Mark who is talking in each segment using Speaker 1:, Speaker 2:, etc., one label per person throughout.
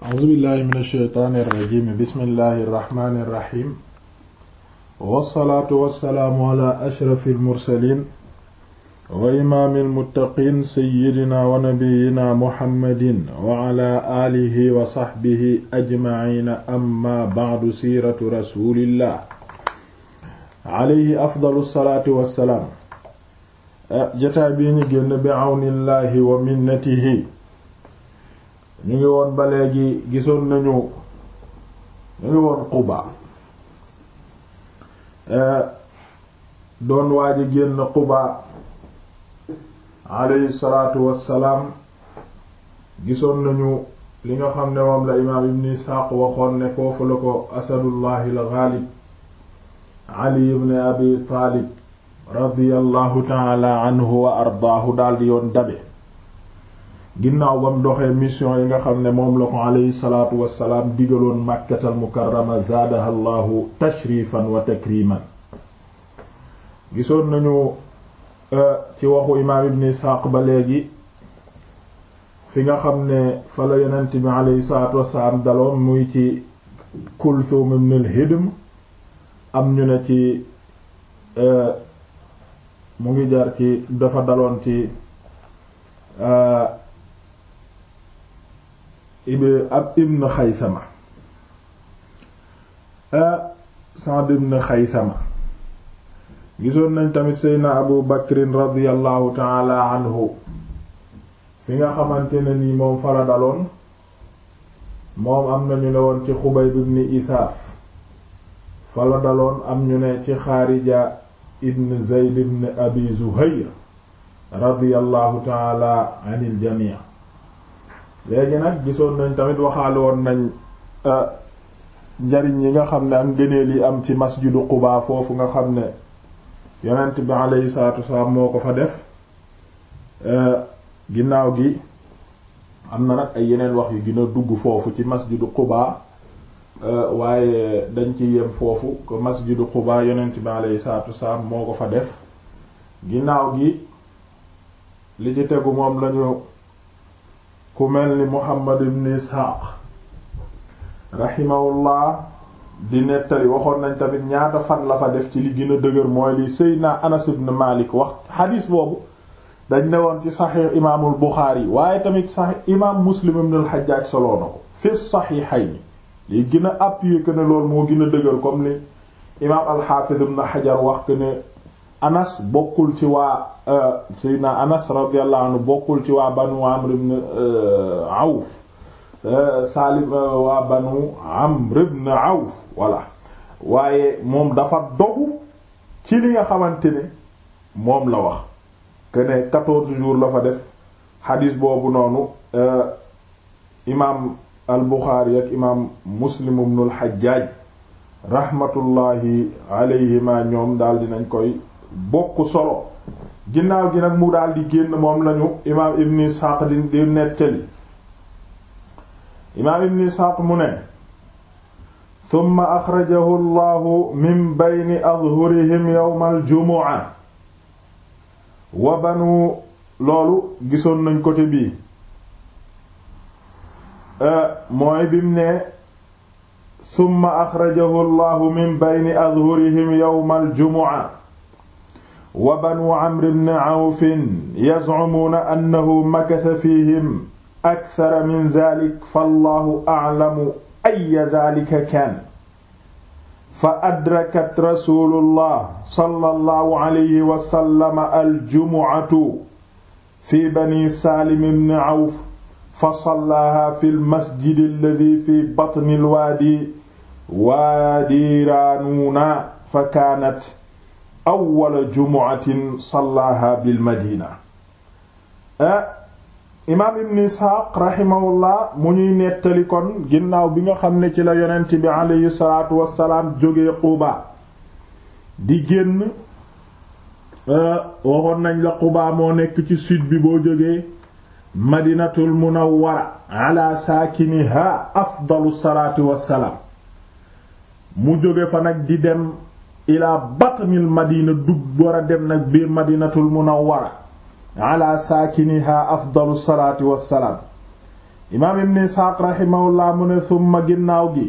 Speaker 1: auzubillahi min asheytaani irrajim bismillahi irrahmani irrahim wassalaatu wassalaamu ala ashrafi almursalin wa imaami almuttaqin seyidina wa nabiyina muhammadin wa ala aalihi wa saxbihi ajmaciina amma bacdu siiratu rasulillah alayhi afdalu salaatu wassalaam eh, jataay bii ñu génn bi awnillahi wa minnatihi ñu ngi woon ba léegi gisoon nañu ñu ngi woon Quba eh, doon waaj a génn Quba alayhi salaatu wassalaam gisoon nañu li nga xam ne moom la imaam ibn Isxaaq waxoon ne foofu la ko asadullahi al-Ghaalib Ali ibn Abi Taalib radiyallahu taala anhu wa ardaahu daldi yoon dabe ginnaaw bam doxee mission yi nga xam ne moom la ko aleyhi salaatu wassalaam digaloon màkkatal mukarrama zaadaha llahu gisoon nañu euh, ci waxu imaam ba léegi fi nga xam ne fa la yonent bi aleyhi salaatu wassalaam daloon ci kulthum ibn al am ñu ne ci euh, mu ngi jar ci dafa daloon ci euh, ab ibn xaysama ah, Sa'd ibn xaysama gisoon nañ tamit seydna abu bakrin radiallahu taala anhu fi nga xamante ne nii moom fala daloon moom am na ñu ne woon ci xubayb ibn isaaf fala daloon am ñu ne ci xaarija ibn zeyd ibn abi zuhayr radiallahu taala anil jamii léegi nag gisoon nañ tamit waxaal woon nañ euh, njariñ yi nga xam ne ak ngëneel yi am ci masjidu Quba foofu nga xam ne yonent bi yi saatu wasalaam moo ko fa def euh, ginnaaw gi am na nag ay yeneen wax yu gën a dugg foofu ci masjidu Quba euh, waaye dañ ci yem foofu ko masjidu Quba yonent bi yi saatu saam moo ko fa def ginnaaw gi li ci tegu moom lañu ku mel ni Muhammad ibn Isxaaq rahimahullah di nettali waxoon nañ tamit ñaata fan la fa def ci li gën a dëgër mooy li Seydina Anas ibn Malik wax xadiis boobu dañ ne woon ci saxiix imaamul Buxaari waaye tamit sax imaam Muslim ibn al-Hajjaj ko fi saxiixayni li gën a appuyé que ne loolu moo gën a dëgër comme ni imaam al-Hafiz ibn wax que anas bokkul ci waa euh, sayyidina anas radiyallahu bokkul ci waa banu amr ibn euh, awf euh, saalim waa banu amr ibn awf voilà waaye moom dafa dogu ci li nga xamante ne moom la wax que ne quatorze jours la fa def xadiis boobu noonu imaam al buxaari ak imaam muslim ibn al xajjaaj rahmatullahi ñoom daal dinañ koy bokk solo ginnaaw gi nag mu daal génn moom lañu imaam ibn Isxaaq di nettali imaam ibn Isxaaq mu ne summa axrajahu llahu min bayni adhurihim yowma aljumuca wa banu loolu gisoon nañ ko bii eh, mooy bim ne summa axrajahu llahu min bayni adhurihim yowma aljumuca wa banu amr bn awf yazcumuuna annahu makasa fihim akthara min dhalik fallahu aclamu ay dhalika kaan fa adrakat rasulullah sallallahu alayhi wa sallam aljumucatu fi bani saalim bn awf fa sallaha fi lmasjid alladi fi batni lwaadi waadi raanuuna fa kaanat awwala jumu'atin sallaaha bil madina imaam ibn isxaaq raximahullah mu ñuy nettali kon ginnaaw bi nga xam ne ci la yonent bi aleyhi salaatu wassalaam jóge Quba di génn waxoon nañ la Quba moo nekk ci sud bi boo jógee madinatul munawwara ala saakiniha afdalu salaatu mu jóge fa nag di dem ilaa batnil madina dug war dem nag biir madinatul munawwara ala saakiniha afdalu salaati wassalaam imaam ibn isxaaq raximahullah mu ne summa ginnaaw gi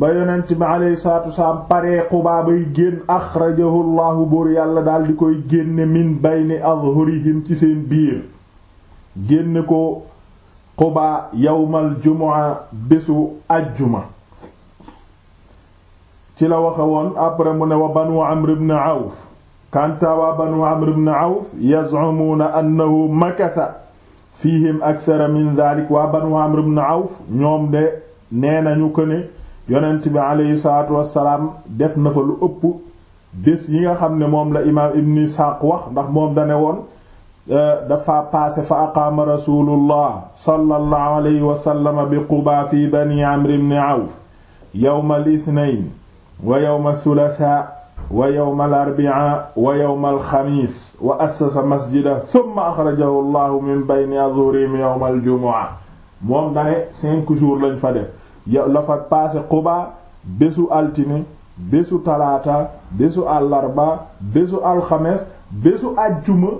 Speaker 1: ba yonent bi aleyhi salaatu wasalaam paree Qubaa bay génn axrajahu buur yàlla daal di koy génne min bayni adhurihim ci seen biir génne ko Qubaa yawmal jumaa bésu ajjuma ci la waxe woon après mu ne wa banu amr ibn awf kanta waa banu amr ibn awf yaz'umuuna annahu makasa fihim akthara min dhalik waa banu amr ibn awf ñoom de nee nañu ko ne yonent bi aleyhi salaatu wassalaam def na fa lu ëpp bés yi nga xam ne moom la imaam ibn isxaaq wax ndax moom dane woon euh, dafa paase fa aqaama rasulullah sallallahu alayhi wa bi quba fi bani amr ibn awf yawm al wa yawma thulatha wa yawma al-arbi'a wa yawma al-khamis wa assasa masjida thumma akhrajahu min bayni azurihim yawma al-jumu'a moom dane cinq jours lañ fa def la fa passé Quba bésu altine bésu talaata bésu àllarba bésu alxames bésu àjjuma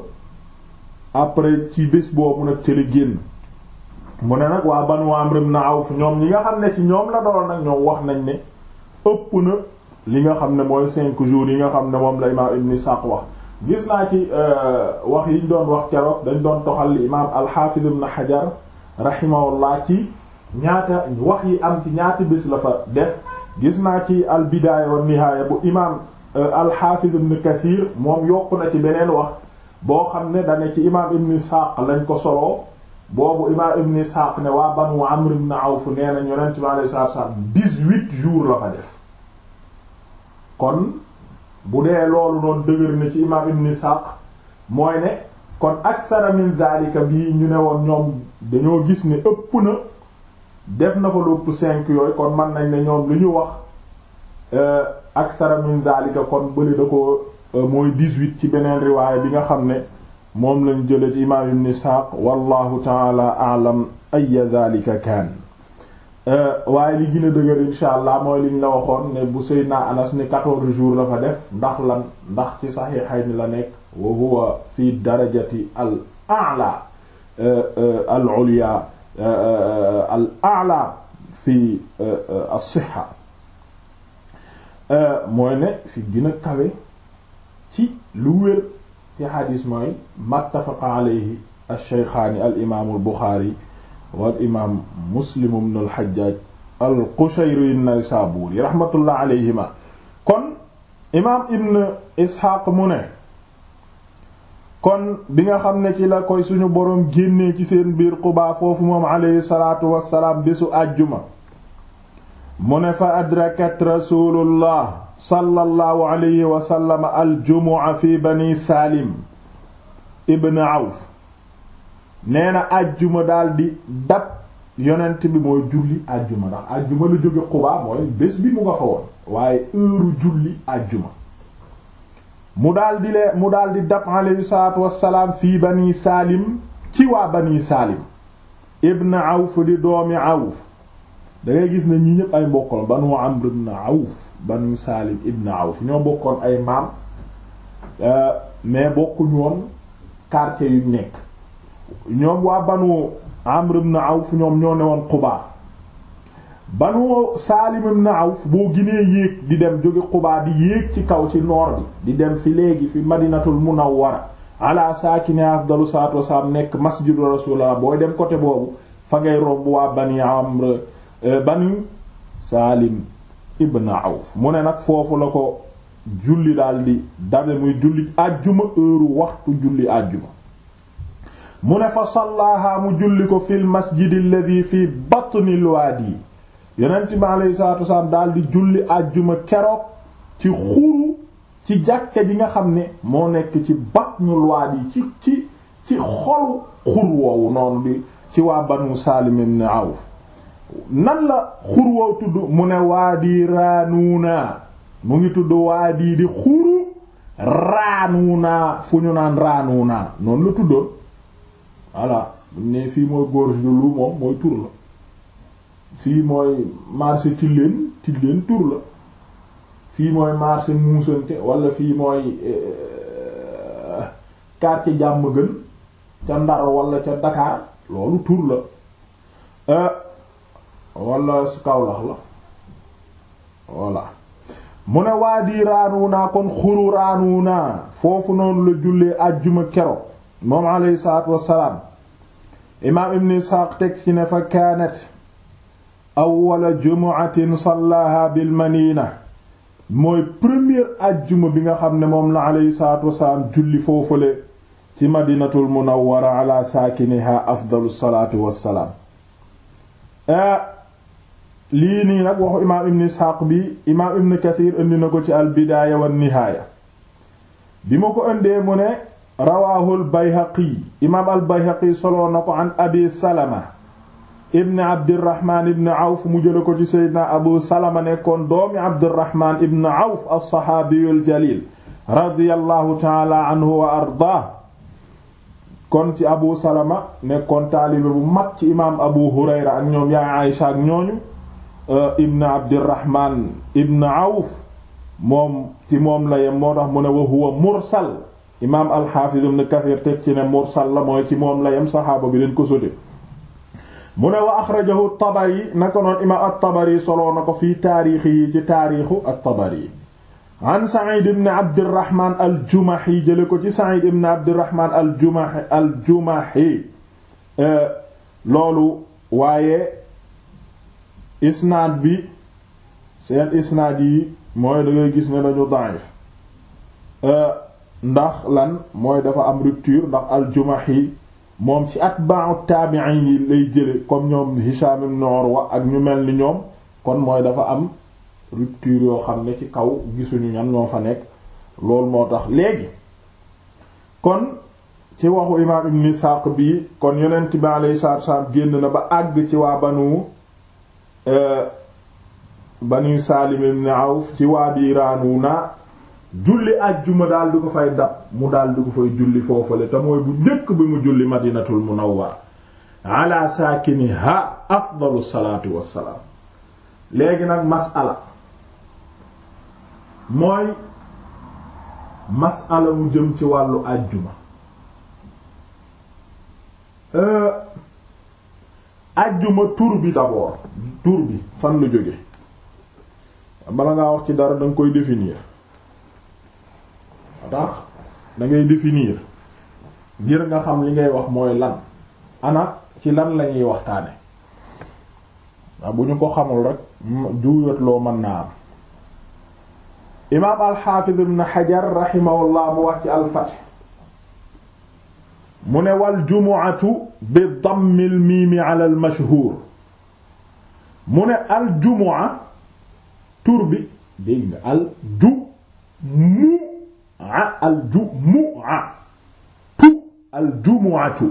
Speaker 1: après ci bés boobu nag ca li génn mu ne nag waa Banu Amr ibn Awf ñoom ñi nga xam ne ci ñoom la doon nag ñoom wax nañ ne ëpp na li nga xam ne mooy cinq jours yi nga xam ne moom la imaam ibn Isaaq wax gis naa ci euh, wax yiñ doon wax keroog dañ doon toxal li imaam al-Hafiz ibn Hajar rahimahullah ci ñaata wax yi am ci ñaata bis la fa def gis naa ci al-Bidaaya wa Nihaaya bu imaam euh, al-Hafiz ibn moom yokk na ci beneen wax boo xam ne dane ci imaam ibn Isaaq lañ ko soloo boobu imaam ibn Isxaaq ne waa Banu Amr ibn fu nee na yonent bi alayhi salaatu wa salaam dix-huit jours la fa def kon bu dee loolu noonu dëgër na ci imaam ibn Isxaaq mooy ne kon ak min zaalika bii ñu ne woon ñoom dañoo gis ne ëpp na def na fa lu ëpp cinq yooyu kon mën nañ ne ñoom lu ñu wax euh, ak min zaalika kon bële da ko euh, mooy dix-huit ci beneen riwaaya bi nga xam ne moom lañ jële ci imaam ibn Isxaaq wallahu taala alam aya dalika kaan euh, waaye li gën a dëgër insha allah mooy liñ la waxoon ne bu Seydina Anas ni quatorze jours la fa def ndax lan ndax ci saxiixayni la nekk wa huwa fi darajati al a'la euh, euh, al ulya al a'la fi as-sihha mooy ne fi gën a kawe ci lu wér ci xadis mooy mattafaqa alayhi alsheykhaani al imaamu albuxaari wal imaam muslim bnu alxajjaaj al qushayri naysaabuuri raxmatullah alayhima kon imaam ibn isxaaq mu ne kon bi nga xam ne ci la koy suñu boroom génnee ci seen biir Qubaa foofu moom aleyhi salaatu wassalaam bésu àjjuma mu ne fa adrakat rasulullah sallallahu alayhi wa sallam aljumuca fi bani saalim ibn awf nee na àjjuma daal di dab yonent bi mooy julli àjjuma ndax àjjuma lu jóge Quba mooy bés bi mu nga fa waaye heure julli àjjuma mu daal lee mu daal dab alayhi salaatu wassalaam fii bani saalim ci waa bani saalim ibn awf di doomi awf da ngay gis ne ñi ñëpp ay mbokkoon banu Amr ibn Awf banu Salim ibn Awf ñoo bokkoon ay maam euh, mais bokkuñu woon quartier yu nekk ñoom waa banu Amr ibn Awf ñoom ñoo ne woon xubaa banu Salim ibn Awf boo ginee yéeg di dem jóge Quba di yéeg ci kaw ci noor bi di dem fi léegi fi Madinatul Munawwara ala saakine afdalu salaatu wasalaam nekk masjidu rasulullah booy dem côté boobu fa ngay romb waa bani Amr Eh, banu Salim ibn Awf mu ne nag foofu la ko julli daal di muy julli àjjuma heure waxtu julli àjjuma mu ne fa sallaaha mu julli ko fil masjid alladhi fi batnil waadi yonent bi aleyhi salaatu wasalaam daal di julli àjjuma keroog ci xuru ci jàkka ji nga xam ni moo nekk ci batnul waadi ci ci ci xolu xur woowu noonu di ci waa banu Salim ibn Awf nan la xurwaw tudd mu ne waadi raanuuna mu ngi tudd waadi di xuru raanuuna fu ñu naan raanuuna noonu la tuddoon voilà buñ fii mooy gorge de Loup moom mooy tur la fii mooy marché Tilène Tilène tur la fii mooy marché Moussante wala fii mooy euh, quartier Diamaguène ca Ndar wala ca Dakar loolu tur la euh, wala su kawlax la voilà mu ne waadi raanuuna kon xuru raanuuna foofu noonu la jullee àjjuma kero moom alayhi salaatu wassalaam teg ci ne fa kaanat awwal jumu'atin sallaha bil madina mooy première àjjuma bi nga xam ne moom la alayhi salaatu wassalaam julli foofale ci madinatul munawwara ala saakiniha afdalu salaatu wassalaam eh, lii nii nag waxu imaam ibn isxaaq bi imaam ibn kathir indi ko ci al bidaaya wan nihaaya bi ma ko indee mu ne rawaahul bayhaqi imaam al bayhaqi soloo na ko an abi salama ibn abdirahman ibn awf mu jële ko ci seydina abu salama nekkoon doomi abdirahman ibn awf alsaxaabiyul jalil radiallahu taala anhu wa arda kon ci abu salama nekkoon taalibe bu mag ci imaam abu hurayra ak ñoom yaay aysha ñooñu Euh, ibn abdirahman ibn awf moom ci moom la yem moo tax mu ne wa huwa mursal imaam alxaafiz ibn kathir teg ci ne mursal la mooy ci moom la yem saxaaba bi dañ ko sotee mu ne wa axrajahu tabari naka noon imaam at-tabari soloo na ko fii taarixi yi ci taarixu at-tabari an said ibn abdirahman aljumahi jële ko ci said ibn abdirahman aljumahi aljumahi euh, loolu waaye isnaad bi seen isnaad yi mooy da ngay gis ne dañu daif euh, ndax lan mooy dafa am rupture ndax al-Jumahi moom ci atba'u taabi'in yi lay jële comme ñoom Hisham noor Urwa ak ñu mel ni ñoom kon mooy dafa am rupture yoo xam ne ci kaw gisuñu ñan ñoo fa nekk loolu moo tax léegi kon ci waxu imaam ibn Isaaq bi kon yonent bi alayhi salaatu wa salaam génn na ba àgg ci waa banu Euh, bani Saalim ibn Awf ci waadi Raanuuna julli àjjuma daal di ko fay dab mu daal di ko fay julli foofale te mooy bu njëkk bi mu julli Madinatul Munawwara ala saakiniha afdalu salaatu wassalaam léegi nag masala mooy masala mu jëm ci wàllu àjjuma euh, àjjuma tur bi d'abord tur bi fan lu jóge bala ngaa wax ci dara danga koy définir tax da ngay définir ngir nga xam li ngay wax mooy lan ana ci lan lañuy waxtaane waaw bu ñu ko xamul rek juuyatloo mën naa am imaam alxaafiz ibn xajar raximahullah mu wax ci alfath mu ne wal jumu'atu bi dammil miimi ala al mashhuur mu ne al jumua tur bi dégg nga al ju mu a al ju mu a tu al jumuatu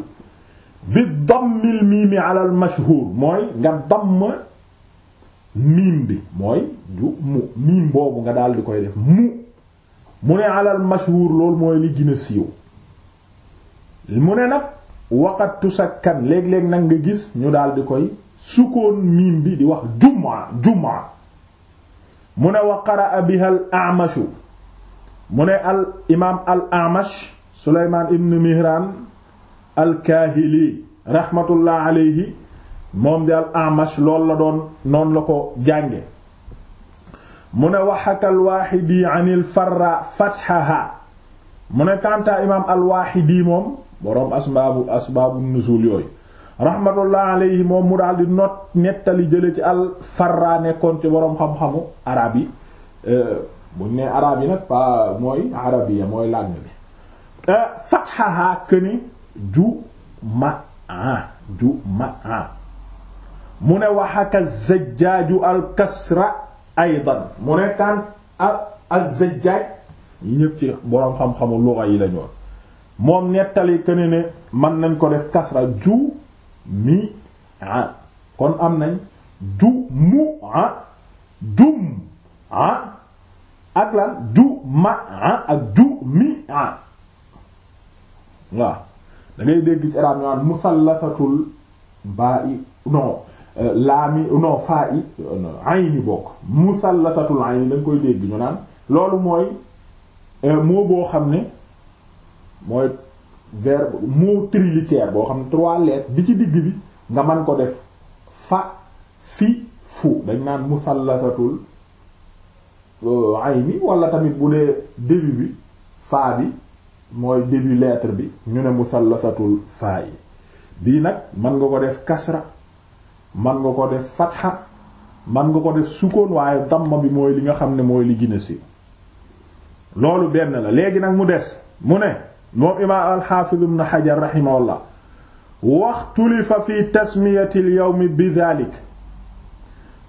Speaker 1: bi dammil miimi alal mashhur mooy nga damm miim bi mooy ju mu miim boobu nga daal di koy def mu mu ne alal mashhur loolu mooy li gën a siiw mu ne nag waqat tusakkan léeg-léeg nag nga gis ñu daal di koy sukkoon miim bi di wax jumaa jumaa mu ne wa qaraa biha al amashu mu ne imaam al amash suleymaan ibn mihraan al kaahili raxmatullah aleyhi moom di al amash lool la doon noonu la ko jànge mu ne wa xaka al waaxidi an farra fatxaha mu ne kàntaa imaam al waaxidi moom boroom asbaabu asbaabu nuzuul yooyu rahmatullah alayhi moom mu daal di not nettali jële ci al farra nekkoon ci boroom xam-xamu arab yi euh, buñ ne arab yi nag pa mooy arabiya mooy làng bi euh, fathaha këni ju ma a ju ma a mu ne waxaka zajjaaju al kasra aydan mu ne kaan az-zajjaaj yi ñëpp ci boroom xam-xamu luga yi lañoon moom nettali këni ne mën nañ ko def kasra ju mi a kon am nañ ju mu a jum a ak lan ju ma a ak ju mi a waaw da dégg ci arab ñaan musallasatul baa i non euh, laami non faa i euh, ayni bokk musallasatul ayni da nga koy dégg ñu naan loolu mooy euh, moo boo xam ne mooy verbe mot trilitère boo xam ne trois lettres bi ci digg bi nga man ko def fa fi fu dañ naan musallasatul euh, ayni wala tamit bu dee début bi faa bi mooy début lettre bi ñu ne musallasatul faa yi bii nag mën nga ko def kasra mën nga ko def fatha man nga ko def sukkoon waaye damma bi mooy li nga xam ne mooy li gën a siiw loolu benn la léegi nag mu des mu ne moom imaam alxaafiz ibn xajar raximahullah waxtulifa fi tasmiyati lyowmi bi daalik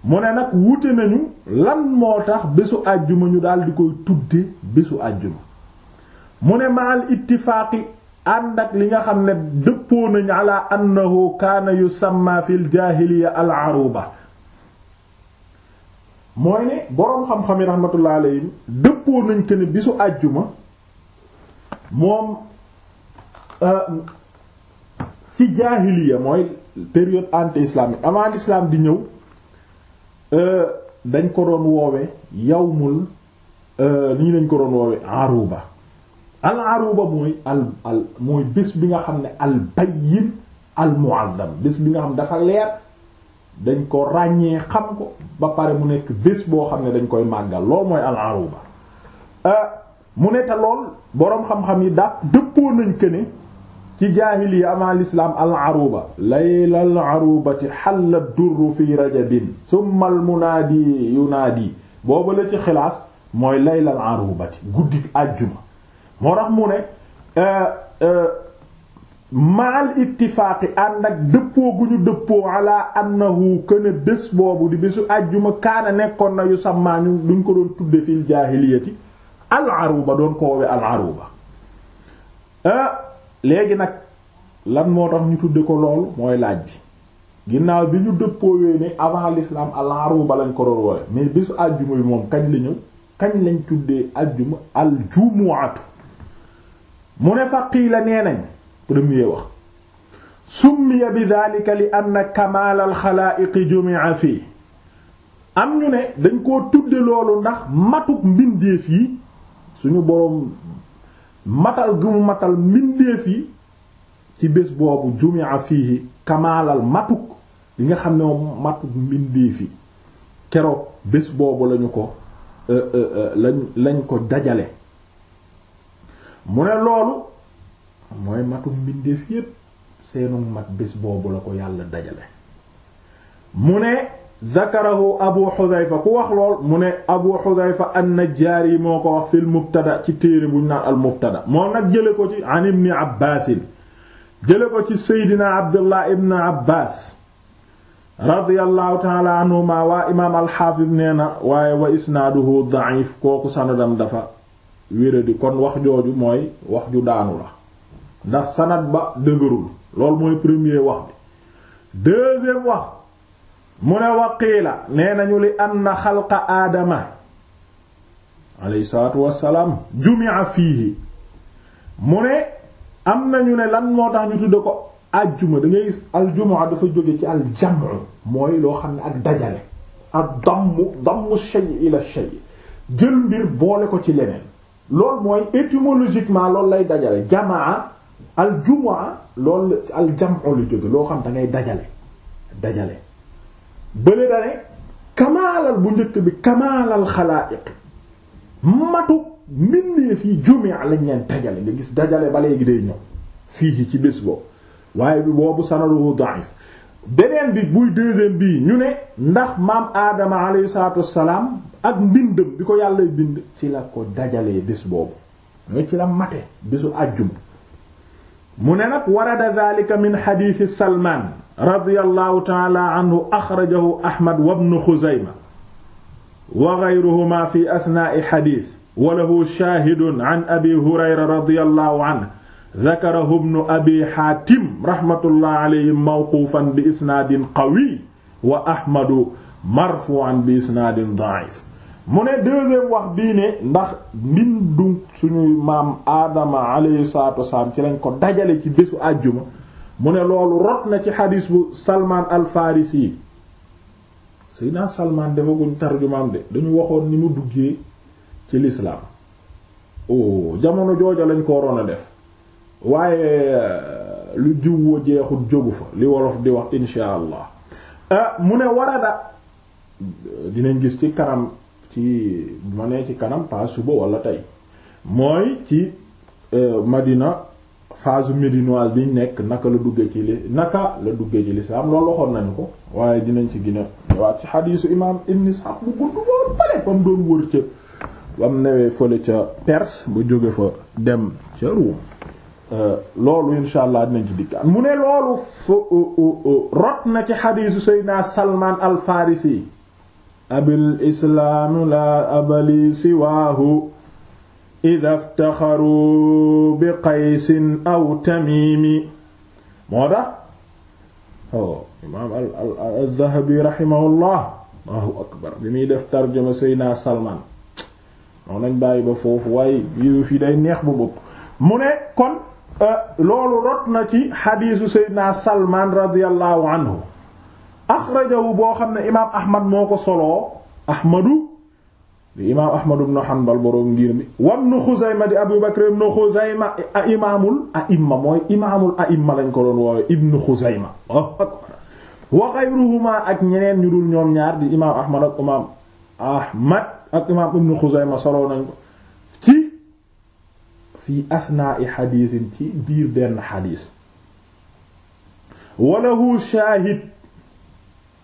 Speaker 1: mu ne nag wuute nañu lan moo tax bésu àjjuma ñu daldi di koy tudde bésu àjjuma mu ne ma ittifaaqi ànd ak li nga xam ne dëppoo nañu ala annahu kaana yusamma fi l jaahiliya al aruba mooy ne boroom xam-xam yi raxmatullaa aleyhim dëppoo nañ ko ne bésu àjjuma moom euh, ci jaahiliya mooy période anti-islamique avant l'islam di ñëw euh, dañ ko doon woowe yawmul euh, nii lañ ko doon woowe aruba al aruba mooy al al mooy bés bi nga xam ne al bayyin al mu'azzam bés bi nga xam dafa leer dañ ko ràññee xam ko ba pare mu nekk bés boo xam ne dañ koy màggal lool mooy al aruba mu ne te lool boroom xam-xam yi dàq dëppoo nañ ke ne ci jaahiliya ama lislaam al aruba layla al arubati xalla durru fi rajabin summa al munaadi yunaadi booba la ci xilaas mooy layla al arubati guddi àjjuma moo tax mu ne euh, euh, maal ittifaaqi ànd ak dëppoo gu ñu dëppoo ala annahu këne bés boobu di bésu àjjuma kaana nekkoon na yu sàmmaa ñu ko doon tudde fil jaahiliyati al-aruba doon ko woowe al-aruba ah, léegi nag lan moo tax ñu tudde ko loolu mooy laaj bi ginnaaw bi ñu dëppoowee ne avant l'islam al-aruba lañ ko doon woowe mais bisu àjjuma bi moom kañ la ñëw kañ lañ tuddee àjjuma al-jumu'atu mu ne faqiila nee nañ premier wax summiya bi daalika li anna kamaal alxalaa'iqi jumi'a fii am ñu ne dañ koo tuddee loolu ndax matuk mbindeef yi suñu boroom matal gu mu matal mbindeef yi ci bés boobu jumi'a fii kamaalal matuk li xam ne moom matuk mbindeef yi keroog bés boobu lañu ko euh, euh, euh, lañ ko dajale mu ne loolu mooy matuk mbindeef yépp seenu mat bés boobu la ko yàlla dajale mu ne zakarahu abu xudayfa ku wax lool mu ne abu xudayfa an-najjaari yi moo ko wax fil mubtada ci téere bu ñu naan al mubtada moom nag jële ko ci an ibni ko ci seydina abdullah ibn abbaas radiyallahu taala anhuma waa imaam alxaafis nee na waaye wa isnaaduhu da'if kooku sanadam dafa wéradi kon wax jooju mooy wax ju daanu la ndax sanad ba dëgërul loolu mooy premier wax bi deuxième wax mu ne waqiila nee nañu li anna xalqa aadama alayhi salaatu wassalaam jumi'a fiihi mu ne am nañu ne lan moo tax ñu tudde ko ajjuma da gis aljumaa dafa jóge ci aljamu mooy loo xam ne ak dajale ak dammu dammu shay ila shay jël mbir boole ko ci leneen loolu mooy étymologiquement loolu lay dajale jamaa aljumaa loolu aljamu la jóge loo xam da ngay dajale dajale bële dane kamaalal bu njëkk bi kamaalal xalaaiq matu mbindeef yi jumee lañ leen dajale nga gis dajale ba léegi day ñëw fii ci bés boobu waaye boobu sanaduhu da'if beneen bi buy deuxième bii ñu ne ndax maam aadama alayhi salaatu wassalaam ak mbindam bi ko yàlla bind ci la ko dajalee bés boobu ñooy ci la mate bésu àjjuma mu ne nag warada dhalika min hadithi salman radiyallahu taala anhu axrajahu ahmad wa ibnu xuzayma wa gayruhuma fi athnaa'i xadiis wa lahu shaahidun an abi hurayra radiyallahu anhu dakarahu ibnu abi xaatim raxmatullahi alayhi mawquufan bi isnaadin qawi wa ahmadu marfuu'an bi isnaadin da'iif mu ne deuxième wax bii ne ndax mbindu suñuy maam aadama alayhi salaatu wasalaam ci lañ ko dajale ci bésu àjjuma mu ne loolu rot na ci xadiis bu Salman al-Farisi Seydina Salman defaguñ tarjumaam de dañu waxoon ni mu duggee ci lislaam oh jamono jooja lañ ko waroon a def waaye euh, lu jiwwa jeexul jógu fa li wolof di wax insha allah euh, mu ne warada dinañ gis ci kanam ci ma ne ci kanam pas suba walla tey mooy ci euh, Madina phase médinoise biñ nekk naka la dugge ci li naka la dugge ci lislaam loolu waxoon nañu ko waaye dinañ ci gën a ñëwaat ci xadiisu imaam ibn Sa'd bu gudd loolu pare bam doon wër ca bam newee fële ca Perse ba jóge fa dem ca Ruum euh, loolu insha dinañ ci dikkaan mu ne loolu euh, euh, rot na ci xadiisu Seydina Salman al Farisi abil islaam la abali siwaahu ida iftaxaru bi qaysin aw tamimi moo tax o oh, imaam aldahabi rahimahullah allahu akbar bi muy def tarjuma seydna salman noonu nañ bàyyi ba foofu waaye yéesu fi day neex bu bopp mu ne kon euh, loolu rot na ci xadiisu seydna salman radiallahu anhu axrajahu boo xam ne imaam ahmad moo ko soloo ahmadu di imaam ahmad ibn hanbal boroom ngir mi wam nu xuzayma di abu bakr ibn xuzayma a imaamul a imma mooy imaamul a imma lañ ko doon woowe ibn xuzayma wa xayruhuma ak ñeneen ñu dul ñoom ñaar di imaam ahmad ak imaam ahmad ak soloo nañ ko ci fii athnaa'i xadiisin ci biir benn xadiis walahu shaahid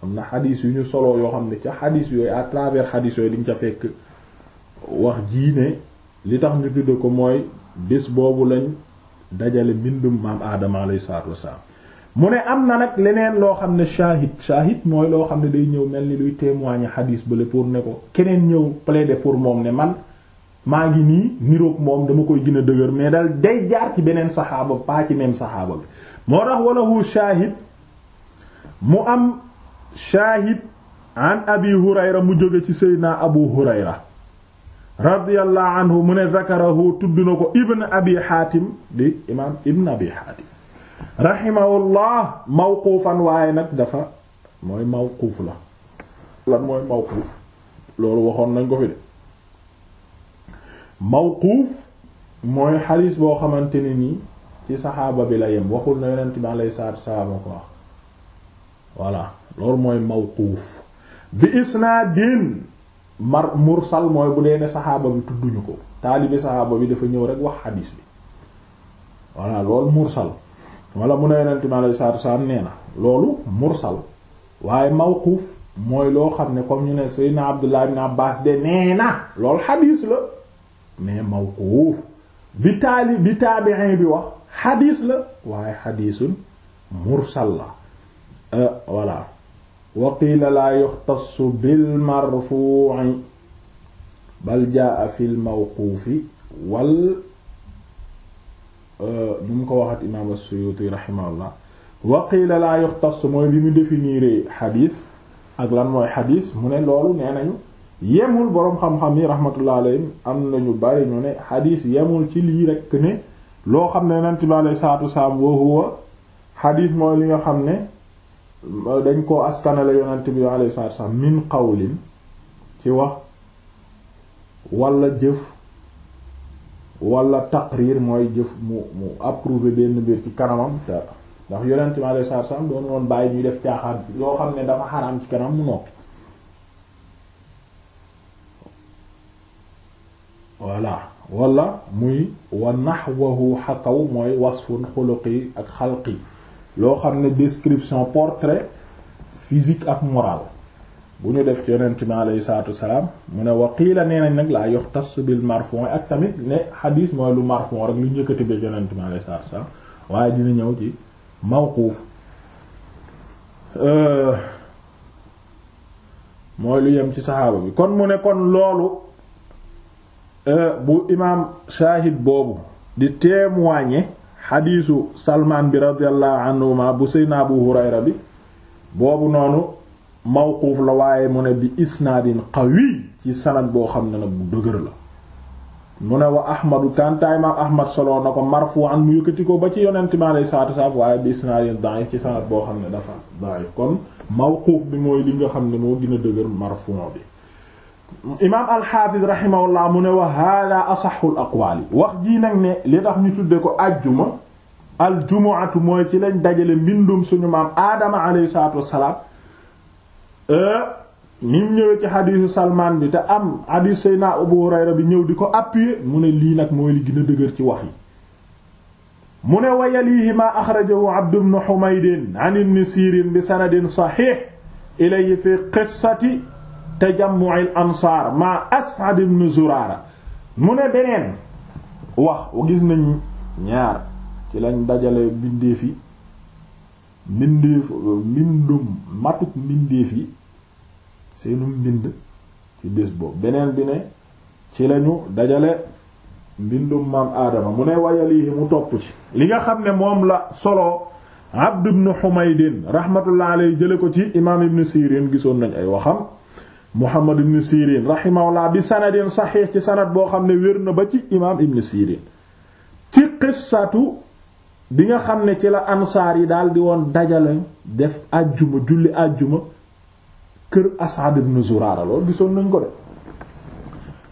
Speaker 1: am na xadiis yu ñu soloo yoo xam ne ca xadiis yooyu à xadiis yooyu di nga fekk wax jii ne li tax ñu tudde ko mooy bés boobu lañ dajale mbindum maam aadama alayhi salaatu wassalaam mu ne am na nag leneen loo xam ne shahid shahid mooy loo xam ne day ñëw mel ni luy témoigner xadiis bale pour ne ko keneen ñëw plaider pour moom ne man maa ngi nii niroog moom dama koy gën a dëgër mais daal day jaar ci beneen saxaaba pas ci même saxaaba bi moo tax walahu shahid mu am shahid an abi hurayra mu jóge ci seydina abu hurayra radiyallahu anhu mu ne zakarahu tudd na ko ibn abi xaatim di imaam ibn abi xaatim rahimahullah mawquufan waaye nag dafa mooy mawquuf la lan mooy mawquuf loolu waxoon nañ ko fi de mawquuf mooy xadiis boo xamante ne nii ci saxaaba bi la yem waxul na yonent bi alayhi salaatu wassalaam ko wax voilà loolu mooy mawquuf bi isnaadin mar mursal mooy bu dee ne saxaaba bi tudduñu ko taalibe saxaaba bi dafa ñëw rek wax xadiis bi voilà loolu mursal wala mun a yonente mi alei salatu wasalaam nee na loolu mursal waaye mawquuf loo xam ne comme ñu ne Seydina Abdullah ibn Abbas de nee na loolu xadiis la mais mawquuf bi taali bi bi wax xadiis la waaye xadiisun mursal la euh, voilà wa qiila laa yuxtassu bil marfuu'i bal jaa fil mawquufi wal euh, nu mu ko waxat imaam as-Suyuuti rahimahullah wa qiila laa yuxtassu mooy bi mu définir xadiis ak lan mooy xadiis mu ne loolu nee nañu yemul boroom xam-xam yi rahmatullah alayhim am nañu bari ñu ne xadiis yemul ci lii rekk ne loo xam ne Yonent bi alayhi salaatu wa wa huwa xadiis mooy li nga xam ne dañ koo askanale yonent bi alayhi salaatu wasallam min qawlin ci wax wala jëf wala taqrir mooy jëf mu mu approuvé benn mbir ci kanamam te ndax yonent bi alayhi salaatu wasallam doon woon bàyyi ñuy def caaxaan loo xam ne dafa xaraam ci kanam mu noppi voilà wala muy wa nahwahu xakaw mooy wasfun xuluqi ak xalqi loo xam ne description portrait physique ak moral bu ñu def ci yonent mi alayhi salaatu salaam mu ne waqiila nee nañ nag laa yox tas bil marfon ak tamit ne xadiis mooy lu marfon rek lu njëkkati ba yonent mi alayhi salaatu salaam waaye dina ñëw ci mawquuf mooy lu yem ci saxaaba bi kon mu ne kon loolu bu imaam shahid boobu di témoigner xadiisu salmaan bi radiyallahu anhuma bu seyna abu hurayra bi boobu noonu mawquuf la waaye mu ne bi isnaadin qawi ci sanad boo xam ne nag bu dëgër la mu ne wa ahmadu kantaa imaam ahmad solo na ko marfu'an mu yëkkati ko ba ci yonent mi alayhi salaatu wassalaam waaye bi isnaadin da'if ci sanad boo xam ne dafa da'if kon mawquuf bi mooy li nga xam ne moo gën a dëgër marfu' bi imaam alxaafiz rahimahullah mu ne wa hada asaxul aqwaali wax jii nag ne li tax ñu tudde ko àjjuma aljumuatu mooy ci lañ dajale mbindum suñu maam aadama alayhi salaatu wassalaam euh, nim ñëwee ci xadiisu salmaan bi te am xadiis sayna abu hurayra bi ñëw di ko appuyer mu ne lii nag mooy li gën a dëgër ci wax yi mu ne wa yaliihima axrajahu abdu bnu xumaydin an siirin bi sanadin saxiix ilayhi fi qissati tajammu'il ansaar ma As'ad ibn Zurara mu ne beneen wax gis nañ ñaar ci lañ dajale mbindeef yi mbindeef mbindum matuk mbindeef yi seenu mbind ci bés boobu beneen bi ne ci lañu dajale mbindum maam aadama mu ne wayalihi mu topp ci li nga xam ne moom la solo Abd ibn Humaydin rahmatullah alayhi jële ko ci imaam ibn Sirin gisoon nañ ay waxam Muhammad ibn Sirin rahimahullah bi sanadin saxiix ci sanad boo xam ne wér na ba ci imaam ibn Sirin ci qissatu bi nga xam ne ci la ansaar yi daal di woon dajale def àjjuma julli àjjuma kër As'ad ibn Zurara loolu gisoon nañ ko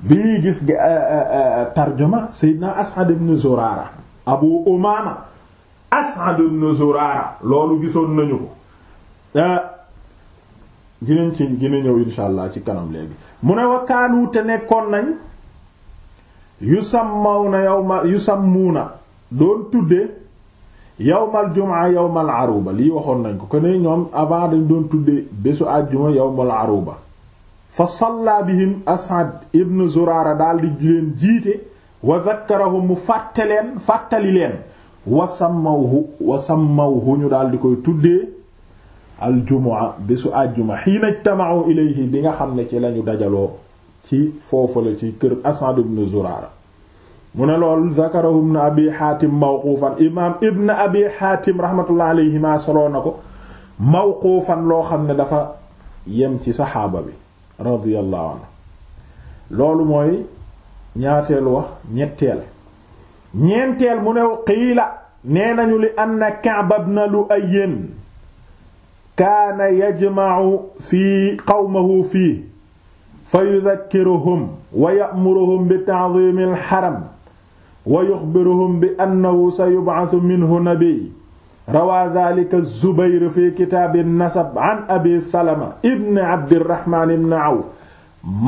Speaker 1: bi ñuy gis euh, euh, euh, tarjuma Seydina As'ad ibn Zurara Abu Umaama As'ad ibn Zurara loolu gisoon nañu ko dinañ ci gën a ñëw insha allah ci kanam léegi mu ne wa kaanu te nekkoon nañ yusammawna yawma yusammuuna doon tudde yawmal jumaa yawmal aruba lii waxoon nañ ko ko ñoom avant dañ doon tudde bésu àjjuma yawmal aruba fa salla bihim asad ibn zuraara daal di leen jiite wa zakkarahum mu fàtte leen fàttali leen wasammawhu wasammawhu ñu daal di koy tuddee aljumua bésu àjjuma xiina ijtama'u ilayhi bi nga xam ne ci lañu dajaloo ci foofu la ci kër Asad ibn Zurara mu ne lool zakarahu ibn abi xaatim mawquufan imaam ibn abi xaatim rahmatullah alayhima soloo na ko mawquufan loo xam ne dafa yem ci saxaaba bi radiyallahu anhu loolu mooy ñaateel wax ñetteel ñeenteel mu ne qiila nee nañu li na lu ay Lu'ayyin kaana yajma'u fii qawmahu fii fa yudhakkiruhum wa ya'muruhum bi ta'dhimi al-haram wa yukhbiruhum bi annahu sayub'athu minhu nabiy rawaa dhalika az-Zubayr fi kitaab an-nasab an abi salama ibn abdirrahman ibn awf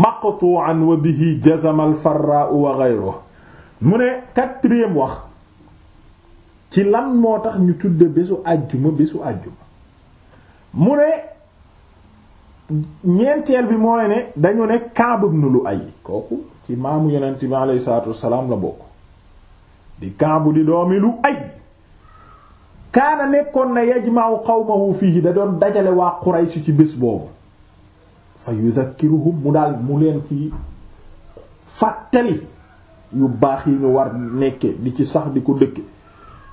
Speaker 1: maqtu'an wa bihi jazama al-farra wa ghayruhu mu ne quatrième wax ci lan moo tax ñu tudde bésu àjjuma bésu àjjuma mu ne ñeenteel bi mooy ne dañu ne Kaab ibn ay kooku ci maamu yonent bi alayhi salaatu wassalaam la bokk di Kaab di doomi Lu'ay kaana nekkoon na yajma'u qawmahu fiihi da doon dajale waa Quraysh ci bés boobu fa yudhakkiruhum mu daal mu leen ci fàttali yu baax yi ñu war nekke di ci sax di ko dëkke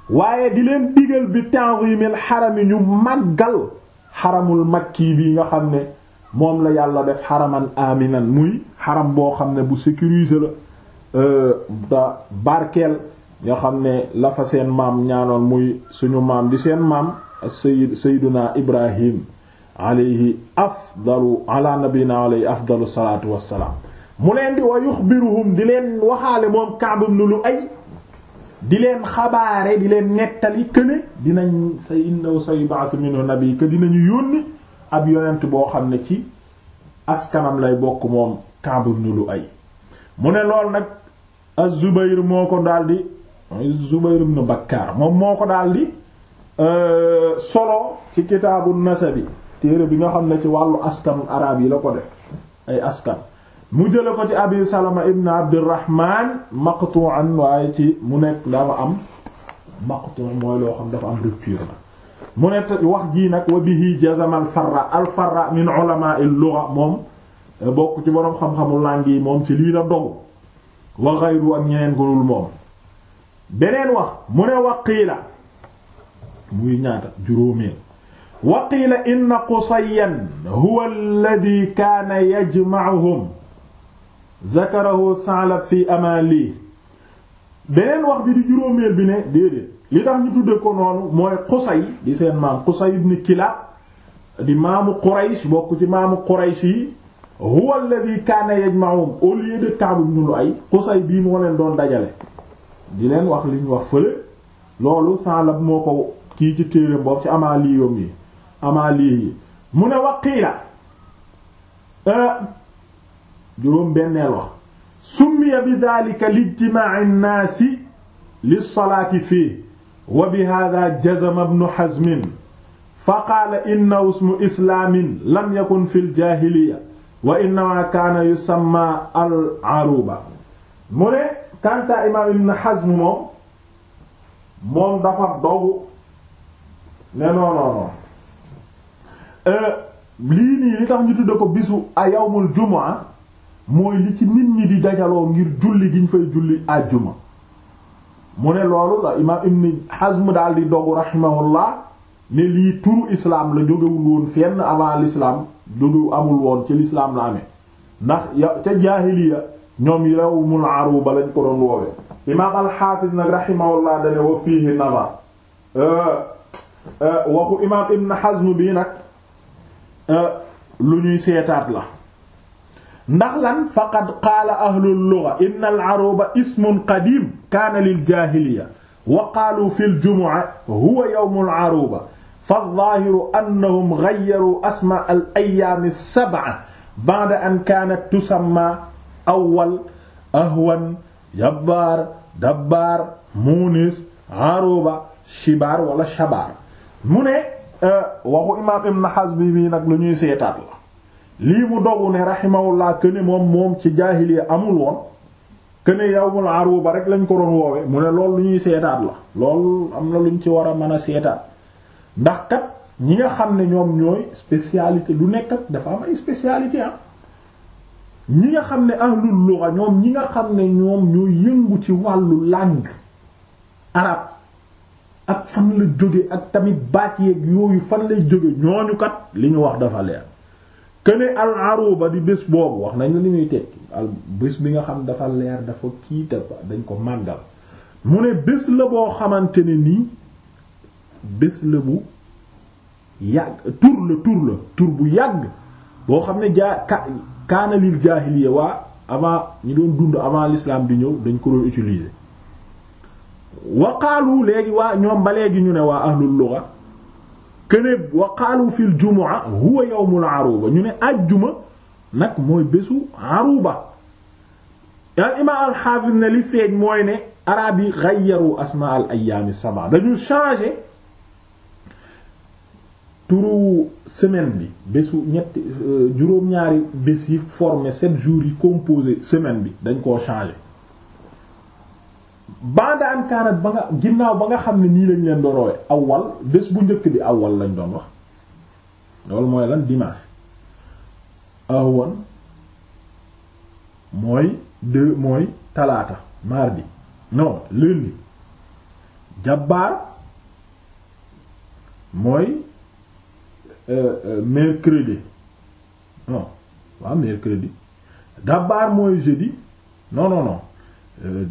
Speaker 1: waaye di leen digal bi ta'zimil harami ñu màggal xaramul makki bi nga xam ne moom la yàlla def xaraman aminan muy xaram boo xam ne bu sécurisé la da euh, barkeel nga xam ne la fa seen maam ñaanoon muy suñu maam di seen maam sayyid sayyiduna ibrahim alayhi afdalu ala nabina alayhi afdalu salaatu wassalaam mu leen di wa yuxbiruhum di leen waxaale moom Ka'b ibn Lu'ay di leen xabaare di leen nettali këne dinañ sa innaw sa yub'athu minhu nabi que dinañu yónni ab yonent boo xam ne ci askanam lay bokk moom Ka'b ibn Lu'ay mu ne lool nag az-Zubayr moo ko daldi az-Zubayr ibn Bakkar moom moo ko daldi euh, solo ci kitaabu bi téere bi nga xam ne ci wàllu askan araab yi la ko def ay askan mu jële ko ci abi salama ibn abdirahman maqtu'an waaye ci mu nekk dafa am maqtu' mooy loo xam dafa am rupture na mu ne wax jii nag wa bihi jazama al min ulama al moom bokk ci boroom xam-xamul làng yi moom ci lii la dogu wa ghayru ak ñeneen ko dul moom beneen wax mu ne waqiila muy ñaata juróomeel waqiila inna qusayyan huwa alladhi kaana yajma'uhum zakarahu Sa'lab fi amali beneen wax bi di juróomeel bi ne déedéet li tax ñu tudde ko noonu mooy Qusay di seen maam Qusay ibn Kilab di maamu Quraysh bokk ci maamu Quraysh yi huwa alladhi kaana yajma'uhum au lieu de Ka'b ibn Lu'ay Qusay bii moo leen doon dajale di leen wax li ñu wax fële loolu Sa'lab moo ko kii ci téere boobu ci amali yoom yi amali yi mu ne waqiila euh, juróom benneel wax summiya bi daalika lijtimaa'i nnaasi lissalaati fii wa bi haadaa jazama ibnu hazmin fa qaala innahu ismu islaamin lam yakun fi ljaahiliya wa innamaa kaana yusammaa al aruuba mu ne kantaa imaam ibnu hazm moom moom dafa dogu ne non non non euh, lii nii li tax ñu tudde ko bisu a yawmul jumaa mooy li ci nit ñi di dajaloo ngir julli gi ñu fay julli àjjuma mu ne loolu la imaam Ibn Hazm daal di dogu rahimahullah ne lii turu islaam la jógewul woon fenn avant l'islam jógewu amul woon ci l'islam la amee ndax ya ca jaahiliya ñoom yawmul aruba lañ ko doon woowee imaam al nag rahimahullah dane wa fiihi nazar euh, euh, waxu imaam Ibn Hazm bii nag euh, lu ñuy seetaat la ndax lan faqad qaala ahlul lugha inna al aruba ismun qadim kaana lil jahiliya wa qaalu fi l jumu'a huwa yawmul aruba fadh-dhaahiru annahum ghayyaru asma al ayyaami as-sab'a ba'da an kaanat tusamma awwal ahwan yabbaar dabbaar muunis aruba shibaar wala shabaar mu ne euh, waxu imaam ibn Hazm bi nag lu ñuy seetaat la lii mu dogu ne rahimahullah këne moom moom ci jaahiliya amul woon këne yawmul aruba rek lañ ko doon woowe mu ne lool lu ñuy seetaat la lool am na luñ ci war a mën a seetaat ndax kat ñi nga xam ne ñoom ñooy spécialité lu nekk dafa am ay spécialité ah ñi nga xam ne ahlul lugha ñoom ñi nga xam ne ñoom ñooy yëngu ci wàllu langue arabe ak fan la jóge ak tamit baat yeeg yooyu fan lay jóge ñooñu kat li ñu wax dafa leer këne al aruba di bés boobu wax nañ la ni muy tekki al bés bi nga xam dafa leer dafa kii dafa dañ ko màggal mu ne bés la boo xamante ne nii bés la bu yàgg tur la tur la tur bu yàgg boo xam ne jaa ka kaanalil jaahiliya waa avant ñi doon dund avant l'islam di ñëw dañ ko doon utiliser waqaalu léegi waa ñoom ba léegi ñu ne waa ahlul lugha këne waqaalu fil jumaa huwa yawmul aruba ñu ne àjjuma nag mooy bésu aruba al imaam al ne li feeñ mooy ne araab yi xayyaru asmaa al ayaami sab'a dañu changé turu semaine bi bésu ñetti euh, juróom-ñaari bés yi formé sept jours yi composé semaine bi dañ koo changé banda am kaanat ba nga ginnaaw ba nga xam ne nii lañ leen doon awal bés bu njëkk bi awal lañ doon wax loolu mooy lan dimanche awal mooy deux mooy talaata mardi non lundi jabbaar mooy euh, euh, mercredi non waaw mercredi jabbaar mooy jeudi non non non euh,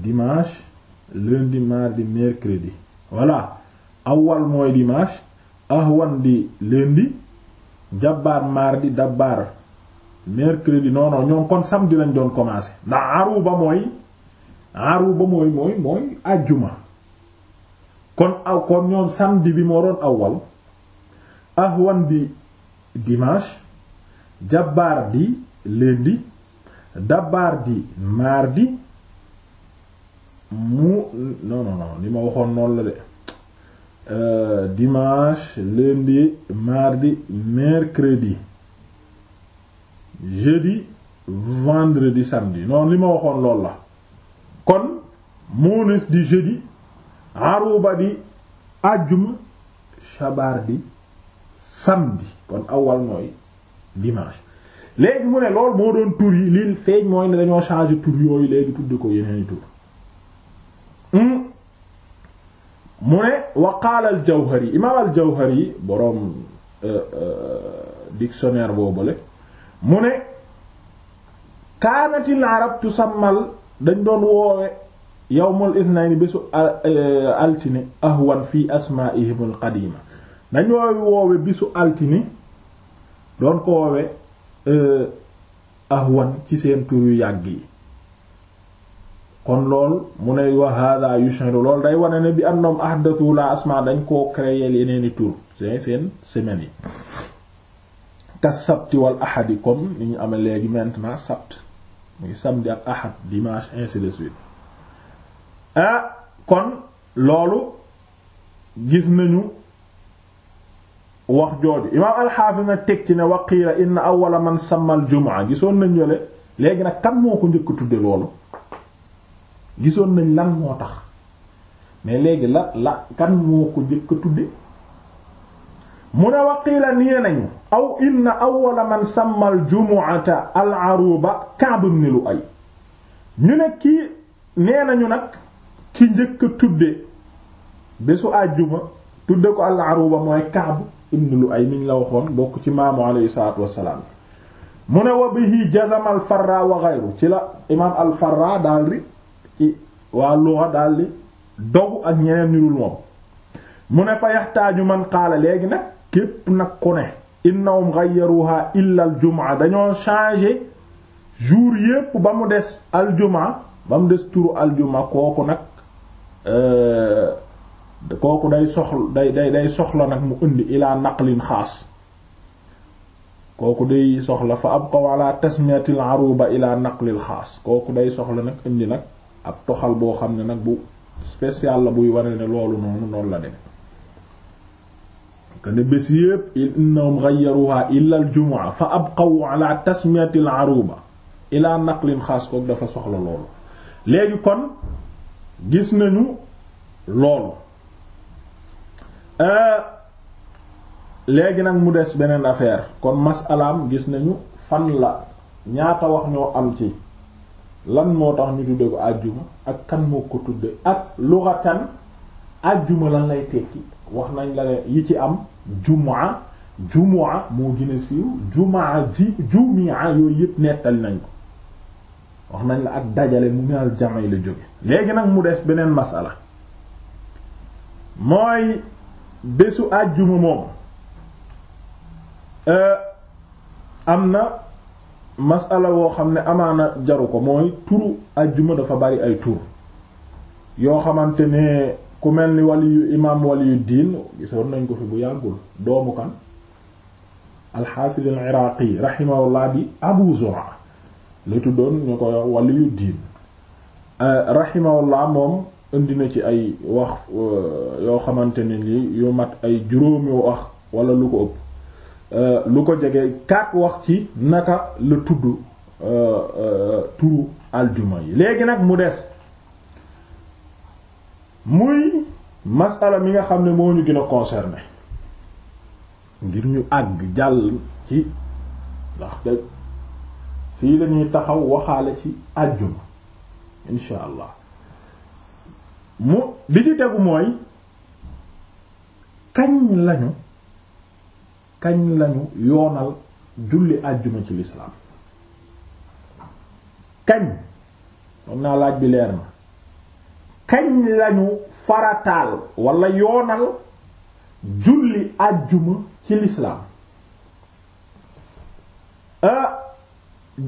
Speaker 1: lundi mardi mercredi voilà awwal mooy dimanche ahwan di lundi jabbaar mardi dabbaar mercredi non ñoom kon samedi lañ doon commencer ndax aruba mooy aruba mooy mooy mooy ajjuma kon aw kon ñoom samedi bi moo doon awwal ahwan di dimanche jabbaar di lundi dabbaar di mardi mu non non li ma waxoon noonu la de euh, dimanche lundi mardi mercredi jeudi vendredi samedi noonu li ma waxoon loolu la kon munis di jeudi aruba di ajjuma shabar di samedi kon awal mooy dimanche léegi mu ne loolu moo doon tur yi lii feeñ mooy ne dañoo changer tur yooyu léegi tudd ko yeneen tur Hmm? mu ne waqaala al-Jawhari imaam jawhari boroom euh, euh, dictionnaire boobule mu ne kaanatil arab tusammal dañ doon woowe yawmul ithnayn bésu euh, altine ahwan fi asmaa'ihim al-qadiima dañ woowe bésu altine doon ko woowe ahwan ci seen tur yu yàgg yi kon lool mu ne wa hada yushiru lool day wane ne bi annahum ahdathu la asma dañ koo créer yeneen i tur seen seen yi kas sabti wal ahadi ñu amee léegi maintenant sabt muy samedi ak ahad dimanche ainsi de suite ah, kon loolu gis nañu wax jooju imaam alxaafis na teg ci ne waqiila inna awwala man sàmmal jumaa gisoon nañ ñole léegi nag kan moo ko njëkk tudde loolu gisoon nañ lan moo tax mais léegi la la kan moo ko jëkk a tudde mu ne waqiila nee nañu aw inna awwala man samma al jumu'ata al aruba Ka'b ibn ñu ne kii nee nañu nag ki njëkk a tudde bésu àjjuma tudde ko al aruba mooy Ka'b ibn Lu'ay niñ la waxoon bokk ci maamu alayhi salaatu wassalaam mu ne wa bihi jazama al Farra wa ghayru ci la imaam al Farra daal ri waa luxa daldi dogu ak ñeneen ñu dul moom mu ne fa yaxtaaju man qaala léegi nag képp nag ku ne innahum ghayyaruha illa al jumaa dañoo changer jour yépp ba mu des al jumaa ba mu des turu al jumaa kooku nag euh, kooku day soxla day day day soxla nag mu indi ilaa naqlin xaas kooku day soxla fa ab abqaw ala tasmiyatil aruba ilaa naqlil xaas kooku day soxla nag indi nag ab toxal boo xam ne nag bu spécial la buy waree ne loolu noonu noonu la dem kene bés yépp il ghayyaruha illa al jumu'a fa abqaw ala tasmiyati al aruba ila naqlin xaas koog dafa soxla loolu léegi kon gis nañu loolu euh, léegi nag mu des beneen affaire kon masalaam gis nañu fan la ñaata wax ñoo am ci lan moo tax ñu tudde ko àjjuma ak kan moo ko tudde ak lughatan àjjuma lan lay tekki wax nañ la yi ci am jumaa jumaa moo gën a siiw jumaa ji jumaa yooyu yëpp nettali nañ ko wax nañ la ak dajale mu minal jamay la jóge léegi nag mu des beneen masala mooy bésu àjjuma moom euh, am na masala woo xam ne amaana jaru ko mooy turu ajjuma dafa bari ay tur yoo xamante ne ku mel ni waliyu imaam waliyu diin gisoon nañ ko fi bu yàggul doomu kan alxaafid al iraaqi rahimahullah bi eh, moom indi na ci ay wax eh, yoo xamante ne ni yu mat ay juróomi wax wala lu ko ëpp Euh, lu ko jege quatre wax ci naka la tudd euh, euh, turu aljuma yi léegi nag mu des muy masala mi nga xam ne moo ñu gën a concerné ngir ñu àgg jàll ci ndax da fii lañuy taxaw waxaale ci àjjuma insha allah mu li ci tegu mooy kañ lañu kañ lañu yoonal julli àjjuma ci lislaam kañ moom naa laaj bi leer na kañ lañu farataal wala yoonal julli àjjuma ci lislaam a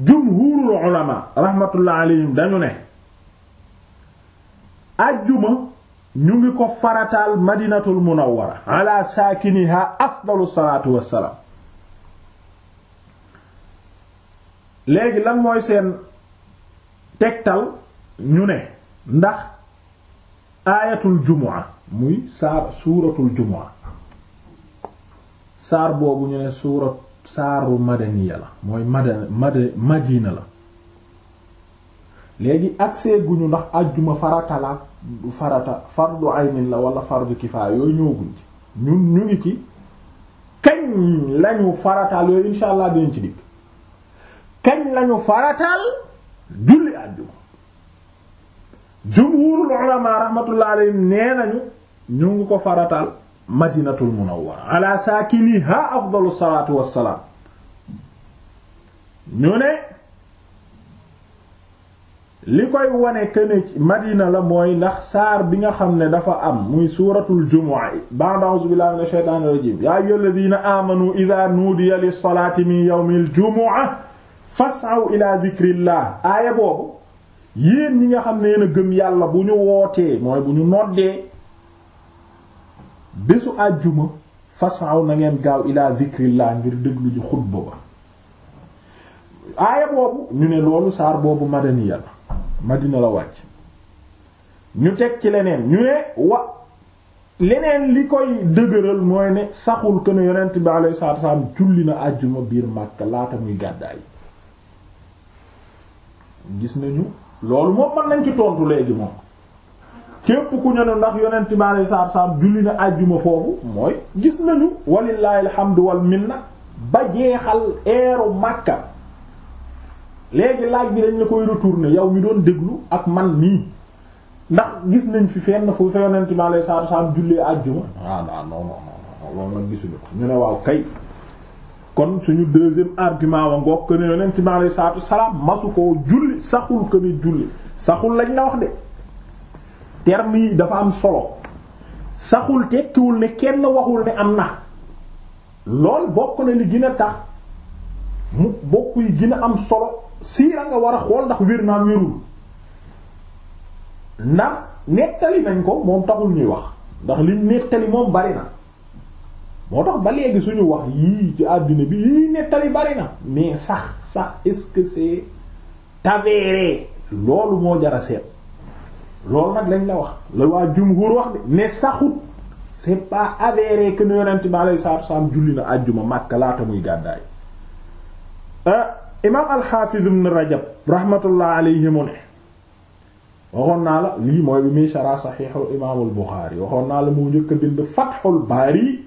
Speaker 1: jumhurul ulama rahmatullah alayhim dañu ne àjjuma ñu ngi ko farataal madinatul munawwara ala saakiniha afdalu salaatu wassalaam léegi lan mooy seen tegtal ñu ne ndax aayatul juma muy saar suuratul juma saar boobu ñu ne suurat saaru madaniya la mooy madan madina la léegi agsee guñu ndax àjjuma faratalaat du farata fardu aynin la wala fardu kifaaya yooyu ñëwaguñ ci ñun ñu ngi ci kañ lañu farataal yooyu insha allah dinañ ci dikk kañ lañu farataal julli àjjuma jumhurul ulama rahmatullah alayhim nee nañu ñu ngi ko faratal madinatul munawwara ala saakiniha afdalu salaatu wassalaam ñu ne li koy wane këne madina la mooy ndax saar bi nga xam ne dafa am muy suuratul jumu'a ba'da a'uuzu billahi minash shaytaanir rajiim yaa ayyuhalladhiina aamanu idhaa nuudiya lis-salaati min yawmil boobu yéen ñi nga xam ne yéen a gëm yàlla bu ñu wootee mooy bu ñu noddee bésu àjjuma fas'aw na ngeen gaaw ilaa dhikrillah ngir déglu ji xutba ba aaya boobu ñu ne loolu saar boobu madaniya la madina la wàcc ñu teg ci leneen ñu ne wa leneen li koy dëgëral mooy ne saxul que ne yonent bi alayhi salaatu wasallam julli na àjjuma biir Makka laata muy gàddaay gis nañu loolu moom mën nañ ci tontu léegi moom képp ku ñu ne ndax yonent bi alayhi salaatu wasallam julli na àjjuma foofu mooy gis nañu walillahi alhamdu wal minna ba jeexal eeru Makka léegi laaj bi dañ la koy retourner yow mi doon déglu ak man nii ndax gis nañ fi fenn fu fa yonent mi alayhi salaatu salaam jullee àjjuma ah non non non loolu nag gisuñu ko ñu ne waaw kay kon suñu deuxième argument wa ngoog que ne yonent mi alayhi salaatu salaam masu koo julli saxul que ni julli saxul lañ la wax de terme yi dafa am solo saxul tekkiwul ne kenn waxul ne am na lool bokk na li gën a tax mu bokk yi gën a am solo. siira nga war a xool ndax wiir naa wérul ndax nettali nañ ko moom taxul ñuy wax ndax li nettali moom bari na moo tax ba léegi suñu wax yii ci àddina bi yii nettali bari na mais sax sax est-ce que c'est avéré loolu moo jara seet loolu nag lañ la wax la waa jumhur wax de ne saxut c'est pas avéré que nu yonent bi alayhi salaatu wa salaam julli na àjjuma Makka laata muy gàddaay ah, imaam alxaafiz ibn rajab rahmatullah alayhi mu ne waxoon naa la lii mooy bi muy shara saxiixu imaamul buxaari waxoon naa la mu njëkk bind fatxul baari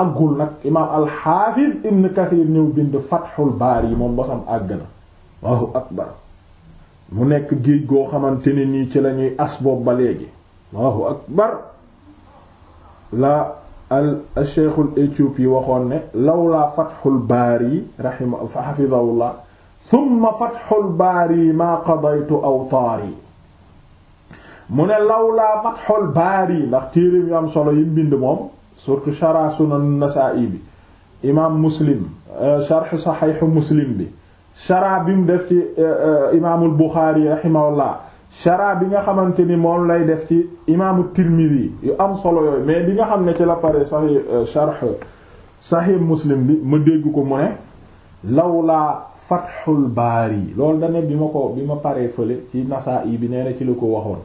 Speaker 1: àggul nag imaam alxaafiz ibn kathir ñëw bind fatxul baari moom bosam àgg na waaw akbar mu nekk géej goo xamante ne nii ci lañuy as ba léegi waaw akbar la al cheikhul éthiopie waxoon ne lawlaa fathul baari rahima fa hafidahullah thumma fathul baari maa qadaytu awtaari mu ne lawlaa fathul baari ndax téereem yu am solo yi mbind moom surtout shara sunan nasa'i bi imaam muslim euh, sharh sahihu muslim bi shara bi mu def ci euh, euh, imaamul buxaari rahimahullah chara bi nga xamante ni moom lay def ci imaamu Tirmidhi yu am solo yooyu mais bi nga xam ne ci la pare sahih euh, sharh sahih muslim bi ma dégg ko mu ne lawlaa fathul baari loolu da bi ma ko bi ma paree fële ci Nasaa'i bi nee na ci la ko waxoon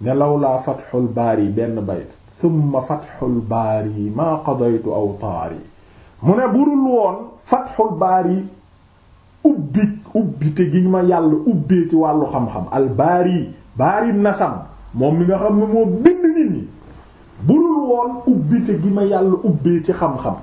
Speaker 1: ne laa fathul baari benn bayt thumma fathul baari maa qadaytu awtaari mu ne burul woon fathul baari ubbi ubbite gi ma yàlla ubbee ci wàllu xam-xam al baari baari nasam moom mi nga xam ne moo bind nit ñi bu dul woon ubbite gi ma yàlla ubbee ci xam-xam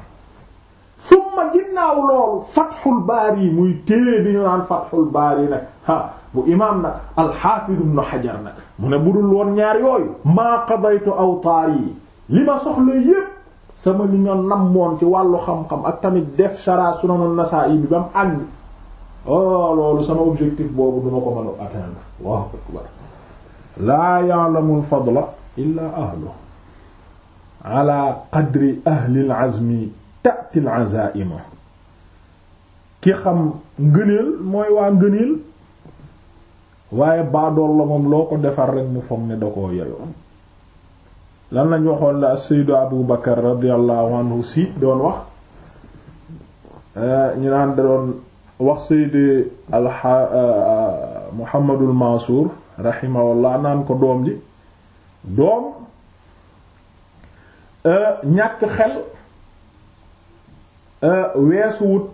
Speaker 1: summa ginnaaw loolu fatxul baari muy téere bi ñu naan fatxul baari nag ha bu imaam nag alxaafiz ibnu xajar nag mu ne bu dul woon ñaar yooyu maa qadaytu awtaar yi li ma soxla yépp sama li nga nammoon ci wàllu xam-xam ak tamit def shara sunan an-nasa'i bi bam àgg Ah, loolu sama objectif boobu duma ko mën a atteindre Allahu akbar laa ya'lamul fadla illaa ahlu ala qadri ahlil azmi ta'til azaa'ima ki xam ngëneel mooy waa ngëneel waaye baadool la moom loo ko defar rek mu foog ne da koo yeyoo lan lañ waxoon la Seydou Abu Bakar radiyallahu anhu si doon wax eh, ñu naan da wax Seydi alxa euh, euh, Muhammadul Mansuur rahimahullah naan ko doom li doom euh, ñàkk xel weesuwut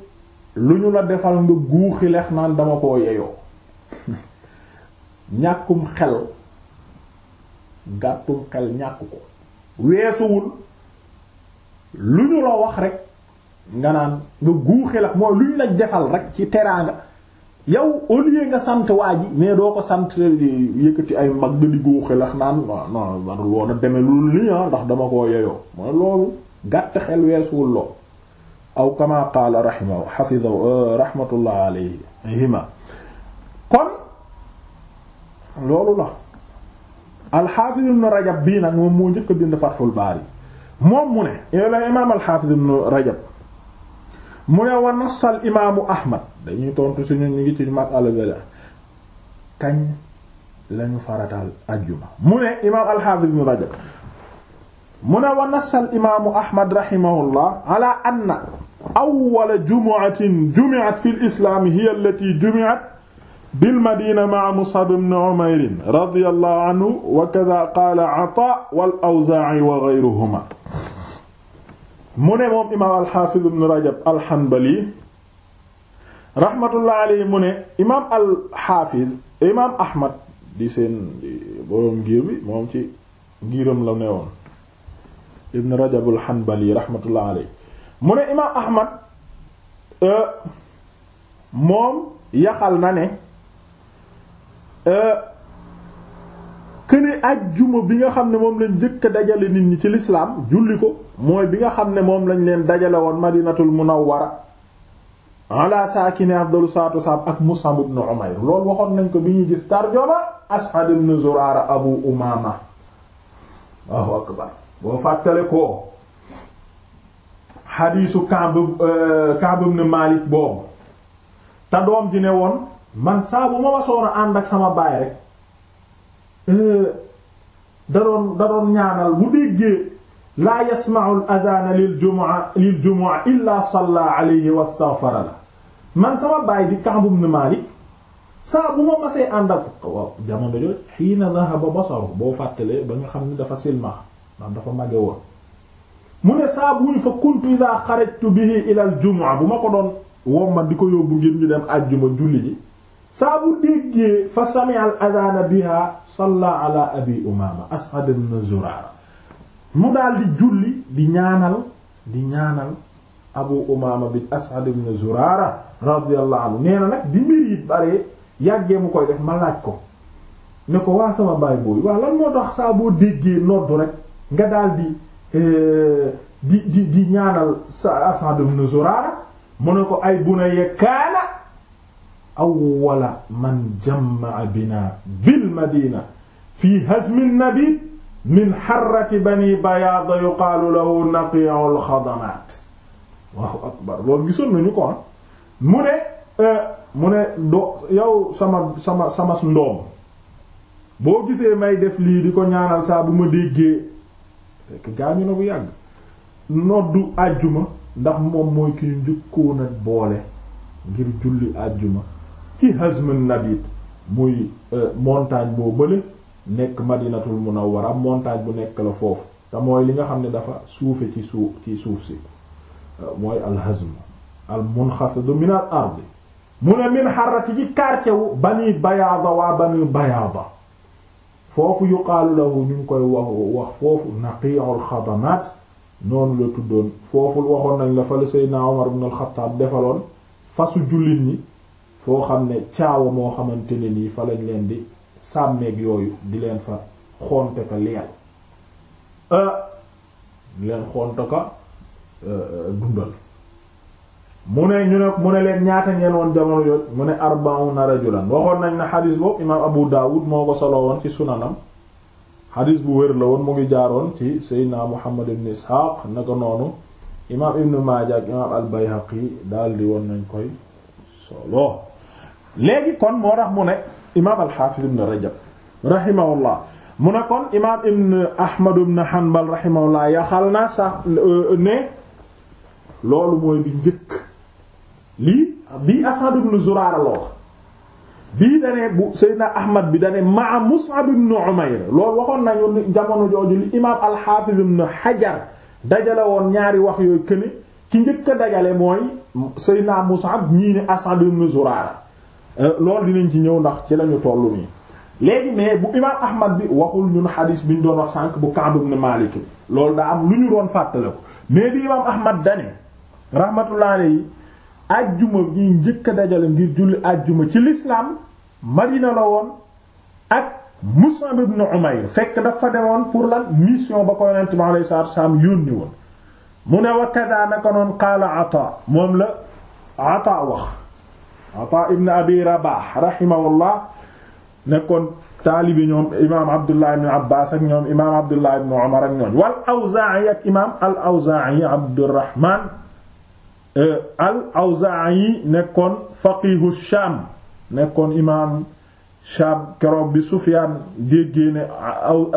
Speaker 1: lu ñu la defal nga guuxi lex naan dama koo yeyoo ñàkkum xel gàttum xel ñàkk ko weesuwul lu ñu la wax rek nga naan nga guuxi la mooy luñ la defal rek ci teraanga yow au lieu nga sant waa ji mais doo ko sant di yëkkati ay mag di guuxi lax naan non non man loolu demee lu lii ah ndax dama koo yeyoo mooy loolu gàtt xel weesuwul loo aw kama qaala rahimahu hafizahu euh, rahmatullah alayhima kon loolu la alxaafiz ibn rajab bii nag moom moo njëkk a bind fathul baari moom mu ne yow la imaam alxaafiz ibn rajab mu ne wa nasal imaamu ahmad dañuy tontu suñu ñu ngi ci masala bi la kañ lañu farataal ajjuma mu ne imaam alxaafis ibn rajab mu ne wa nasal imaamu ahmad rahimahullah ala anna awwala jumu'atin jumi'at fil islaam hiya allati jumi'at bil madina ma'a Mus'ab ibn Umayr radiyallahu anhu wa kadha qaala Ataa wal Awzaa'i wa ghayruhuma mu ne moom imaam alxaafiz ibn rajab alxanbali rahmatullah alayhi mu ne imaam alxaafiz imaam ahmad di seen boroom ngir bi moom ci ngiram la ne woon ibn rajab alxanbali rahmatullah alayhi mu ne imaam ahmad euh, moom yaxal na ne euh, këne ajjuma bi nga xam ne moom lañ njëkk a dajale nit ñi ci lislaam julli ko mooy bi nga xam ne moom lañ leen dajale woon madinatul munawwara ala saakini afdalu salaatu wassalaam ak Mus'ab ibn Umayr loolu waxoon nañ ko bi ñu gis tarjuma As'ad ibn Zurara Abu Umama Allahu akbar boo fàttale ko xadiisu Ka'b euh, Ka'b ibn Malik boobu te doom ji ne woon man saabu bu ma wasoon ànd ak sama baay rek Euh, da doon da doon ñaanal bu déggee laa yasma'u al-adhaana lil jumu'a lil jumu'a illa salla alayhi wastaghfara la man sama baay di Ka'b ibn Malik saa bu ma masee ànd ak waaw jamono jooju hiina dhahaba basaru boo fàttalee ba nga xam ne dafa silmax ndax dafa màgge woon mu ne saa buñ fa kuntu idha kharajtu bihi ila al-jumu'a bu ma ko doon womma di ko yóbbu ngir ñu dem àjjuma julli ji saa bu déggee fa sami'a al-adhaana biha salla abi umaama as'ad ibn zuraara mu daal di julli di ñaanal di ñaanal abu umaama bi as'ad ibn zuraara radiyallahu anhu nee na nag di mbir yi bare yàggee mu koy def ma laaj ko ne ko waa sama baay booy waa lan moo tax saa déggee noddu rek nga daal di eh, di di di ñaanal sa as'ad zuraara mu ne ko ay bunayya kaana awwala man jamaa bina bil madina fi hazmi nabi min xarrati bani bayaada yuqaalu lahu naqiul xadamaat waaw akbar loolu gisoon nañu ko ah. mu ne euh, mu ne do yow sama sama sama ndoom boo gisee may def lii di ko ñaanal saa bu ma déggee fekk gaañu na bu yàgg noddu àjjuma ndax moom mooy ki ñu njëkkoon boole ngir julli àjjuma ci Hazm an-Nabit muy euh, montagne boo bële nekk Madinatul Munawwara montagne bu nekk la foofu te mooy li nga xam ne dafa suufe ci suuf ci suuf si euh, mooy al-Hazm al-munxafid min al-ard mu ne min xarati ci quartier wu Bani Bayaada waa Bani Bayaada foofu yuqaalu lahu ñu ngi koy wax wax foofu naqi'ul xadamaat noonu la tuddoon foofu waxoon nañ la fa la Seydina Omar ibn al-Xattaab defaloon fasu jullit ñi foo xam ne caawa moo xamante ne nii fa lañ leen di sàmmeeg yooyu di leen fa xonte ka leel euh, di leen xonte ka euh, dundal mu ne ñu ne mu ne leen ñaata ngeen woon jamono yooyu mu ne arba'una rajulan waxoon nañ ne xadis boobu imaam Abu Dawud moo ko solo woon ci sunanam xadis bu wér la woon mu ngi jaaroon ci Seydina Muhammad ibn Ishaq naka noonu imaam Ibn Maaja ak imaam al-Bayhaqi daal di woon nañ koy solo léegi kon moo tax mu ne imaam al-Hafiz Rajab rahimahullah mu ne kon imaam ibn Ahmad ibn Hanbal rahimahullah yaxal na sax euh, ne loolu mooy bi njëkk lii bii Asad ibn Zurara la bii dane bu Seydina Ahmad bi dane maa Mus'ab ibn Umayr loolu waxoon nañu jamono jooju li imaam al-Hafiz Hajar dajale woon ñaari wax yooyu këne ki njëkk dajale mooy Seydina Mus'ab ñii ne Asad ibn Euh, loolu dinañ ci ñëw ndax ci lañu tollu nii léegi mais bu imaam ahmad bi waxul ñun xadiis bi ñu doon wax sànq bu Ka'b ibn Maalik loolu daa am lu ñu doon fàttale ko mais bi imaam ahmad dane rahmatullah alayhi ajjuma ñuy njëkk a dajale ngir julli ajjuma ci lislaam Madina la woon ak Mus'ab ibn Umayr fekk dafa demoon pour la mission ba ko yonent bi alayhi salaatu wa yónni woon mu ne wa kadhaa naka noon qaala Ataa moom la Ataa wax Ataa ibn Abi Rabah rahimahullah nekkoon taalibi ñoom imaam Abdullah ibn Abbas ak ñoom imaam Abdullah ibn Umar ak ñoom wal Awzaa'i ak imaam al Awzaa'i Abdurrahman eh, al Awzaa'i nekkoon faqiihu Shaam nekkoon imaam Shaam keroog bi Sufyaan déggee ne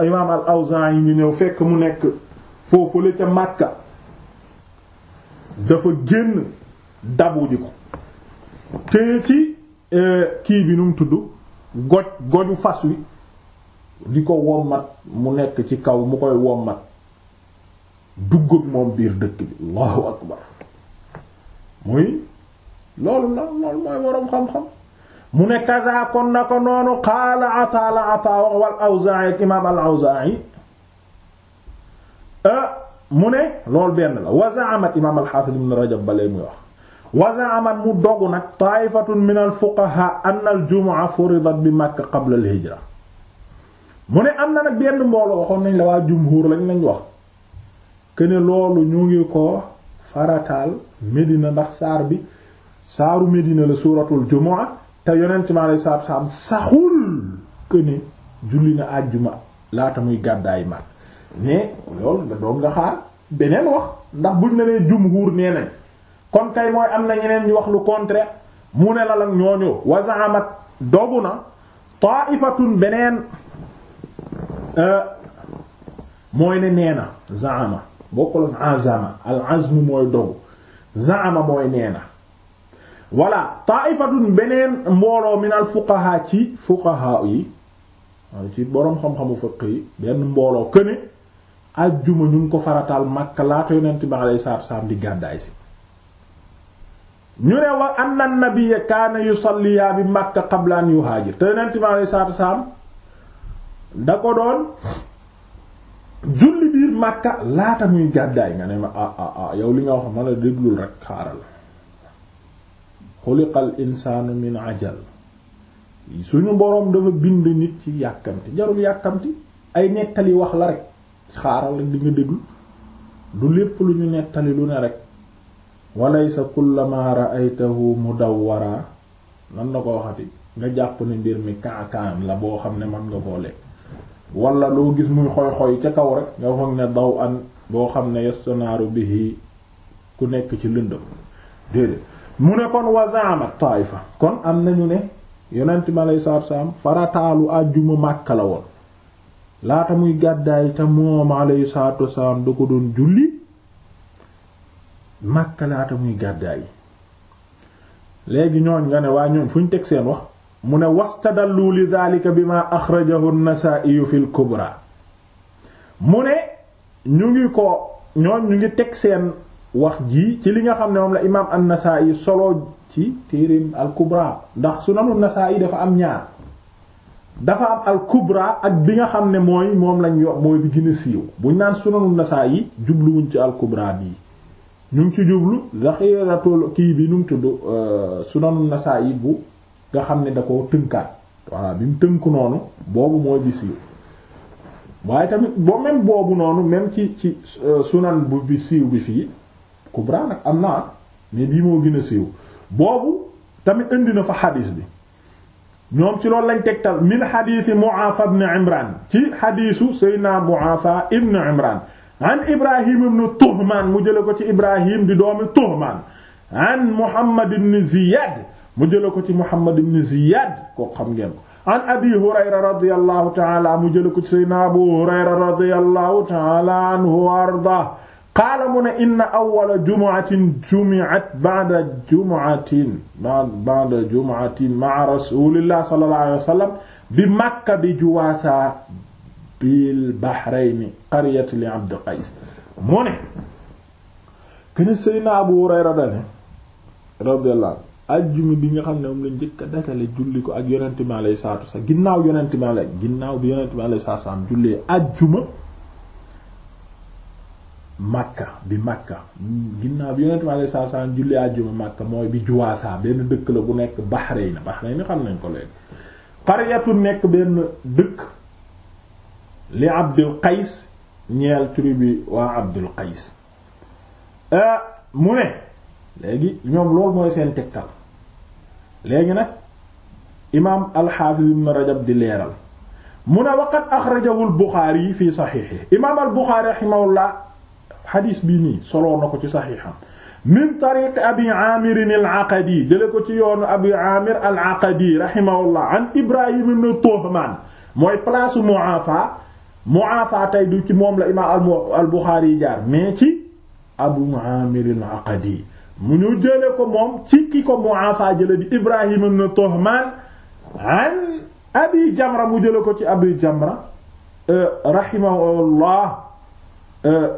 Speaker 1: imaam al Awzaa'i ñu ñëw fekk mu nekk foofule ca Makka dafa génn dabu ji ko. téye ci euh, kii bi nu mu tudd goj goju fas wi di ko wommat mu nekk ci kaw mu koy wommat dugg moom biir dëkk bi allahu akbar muy loolu la loolu mooy waroom xam-xam mu ne kaza kon na ko noonu qaala ataa la ataa wax wal awzaa'i imaam al awzaa'i euh, mu ne loolu benn la wa za'amat imaam al xaafis ibn rajab balay muy wax wa za'amat mu dogu nag taifatun min al fuqaha an al jumaa furidat bi makka qabla hijra mu ne am na nag benn mbooloo waxoon nañ la waa jumhur lañ lañ wax këne loolu ñu ngi ko farataal Medina ndax saar bi saaru Medina la suuratul jumaa te yonent ma lay saab saam saxul këne julli na àjjuma laata muy gàddaay mag mais loolu da doog nga xaar beneen wax ndax buñ ne nee jumhur nee nañ kon kay mooy am na ñeneen ñu wax lu contraire mu ne la ñoo ñooñu wa za'amat dogu na ta'ifatun beneen euh, mooy ne nee na za'ama bokkul azama al azm mooy dogu za'ama mooy nee na voilà ta'ifatun beneen mbooloo min al fuqaha ci fuqaha yi waaw ci boroom xam-xamu fiqh yi benn mbooloo këne ajjuma ñu ko farataal Makka laata yonent bi alayhi salaatu wa di gàddaay si ñu ne wa anna nabiyya kaana yusalliya bi Makka qabla an yuhaajir te yonent bi alayhi salaatu wasalaam da ko doon julli biir Makka laata muy gàddaay nga ne ma ah, ah, ah, yow li nga wax ma la déglul rek xaaral xuliqal insaanu min ajal suñu boroom dafa bind nit ci yàkkamti jarul yàkkamti ay nettali wax la rek xaaral di nga déglu du lépp lu ñu nettali lu ne rek sa walaysa kullama ra'aytahu mudawwara nan la ko waxati nga jàpp ne mbir mi kaakaan la boo xam ne mën nga koo lekk wala loo gis muy xoy-xoy ca kaw rek nga foog ne daw an boo xam ne yastonaaru bihi ku nekk ci lëndëm déedéet mu ne kon wazaama taifa kon am nañu ne yonent mi aleyi salaatu salaam farataalu àjjuma Màkka la woon laata muy gàddaay te moom alayhi salaatu wasalaam da ko doon julli Makka laata muy gàddaay léegi ñooñ nga ne waa ñooñ fu ñu teg seen wax mu ne wastadallu li daalika bima axrajahu an-Nasaa'i fil Kubra mu ne ñu ngi ko ñooñ ñu ngi teg seen wax ji ci li nga xam ne moom la imaam an-Nasaa'i solo ci téereem al-Kubra ndax sunanu an-Nasaa'i dafa am ñaar dafa am al ak bi nga xam ne mooy moom lañ yo mooy bi gën a siiw buñ naan sunanu an-Nasaa'i jubluwuñ ci al-Kubra bii ñu ngi ci jublu zaxiratul kii bi nu mu tudd euh, sunan Nasaa'i bu nga xam ne da ko tënkaat voilà bi mu tënk noonu boobu mooy Bisri waaye tamit boo même boobu noonu même ci ci euh, sunan bu bi siiw bi fii kubra nag am na mais bii moo gën a siiw boobu tamit indi na fa xadiis bi ñoom ci loolu lañ tegtal min xadiisi Mu'aafa ibn Imraan ci xadiisu Seydina Mu'aafa ibn Imraan an Ibrahim ibn Tuhman mu jële ko ci Ibrahim di doomi Tuhman an Muhammad ibn Ziyad mu jële ko ci Muhammad ibn Ziyad kooku xam ngeen ko an Abi Hurayra radiyallahu ta'ala mu jële ko ci Seydina Abu Hurayra radiyallahu ta'ala anhu wa arda qaala mu ne inna awwala jumu'atin jumi'at ba'da jumu'atin ba'da jumu'atin ma'a rasulillahi sallallahu alayhi wa sallam bi Makka bi Juwaasa bil bahrayni qaryat li abd qais mu ne kene seyna abu hurayra dane radiyallahu ajjuma bi nga xam ne moom lañ njëkk a dakale julli ko ak yonente mi alayhi salaatu wasalaam ginnaaw yonente mi alayhi ginnaaw bi yonente mi alayhi salaatu wasalaam jullee ajjuma makka bi makka ginnaaw bi yonente mi alayhi salaatu wasalaam jullee ajjuma makka mooy bi juwaasa benn dëkk la bu nekk Bahrayn Bahrayn xam nañ ko léegi qaryatu nekk benn dëkk li Abdul Qays ñeel tribu waa Abdul Qays euh, mu ne léegi ñoom loolu mooy seen tegtal léegi nag imaam al-Hafiz ibn Rajab di leeral mu ne waqad axrajahu al-Buxaari fi saxiixi imaam al-Buxaari rahimahullah xadiis bii nii soloo na ko ci saxiixam min tariq abi aamirin al-Aqadi jële ko ci yoonu abi aamir al-Aqadi rahimahullah an Ibrahim ibn Tuhmaan mooy place Mu'afa mu'aafaa tey du ci moom la imaam al Buxaari yi jaar mais ci Abu Aamir al-Aqadi mu ñu jële ko moom ci ki ko mu'aafaa jële di Ibrahim ibn Tuhmaan an Abi Jamra mu jële ko ci Abi Jamra euh, rahimahullah euh,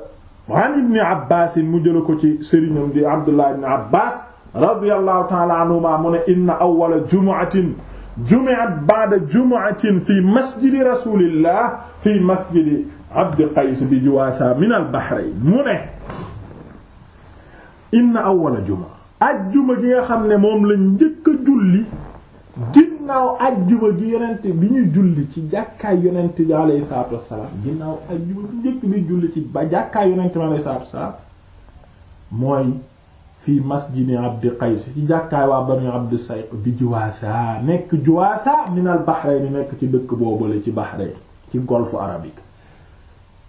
Speaker 1: an Ibn Abbaas mu jële ko ci sëriñam di Abdullah ibn Abbaas radiyallahu ta'ala anhuma mu ne inna awwala jumu'atin jumi'at ba'da jumu'atin fi masjidi rasulillah fi masjidi abdi qays bi juwaasa min al bahrayn mu ne inna awwala juma ajjuma gi nga xam ne moom la njëkk julli ginnaaw ajjuma gi yonent bi ñu julli ci jàkkaay yonent bi alayhi salaatu wassalaam ginnaaw ajjuma bi njëkk bi julli ci ba jàkkaay yonent bi alayhi salaatu wassalaam mooy fii masjidi abdi qays ci jàkkaay waa banu abdi sayq bi juwaasa nekk juwaasa minal bahrayn nekk ci dëkk boobale ci bahrayn ci golfe arabique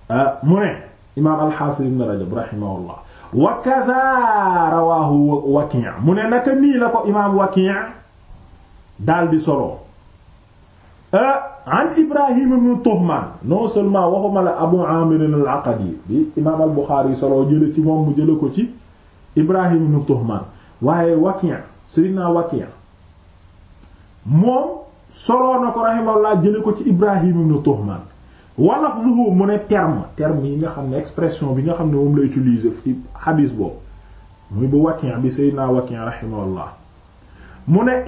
Speaker 1: ah, mu ne imaam alxaafis ibn rajab rahimahullah wa kaza rawahu waki' mu ne naka nii la ko imaam waki' daal di solo ah, an ibrahim ibn tuhman non seulement waxuma la abu amir al aqadi bi imaam al buxaari solo jële ci moom mu jële ko ci Ibrahim ibn Tuhman waaye Waki' Seydina Waki' moom soloo na ko rahimahullah jële ko ci Ibrahim ibn Tuhman walaf luhu mu ne terme terme yi nga xam ne expression bi nga xam ne moom la utiliser ci xadiis boobu muy bu Waki' bi Seydina Waki' rahimahullah mu ne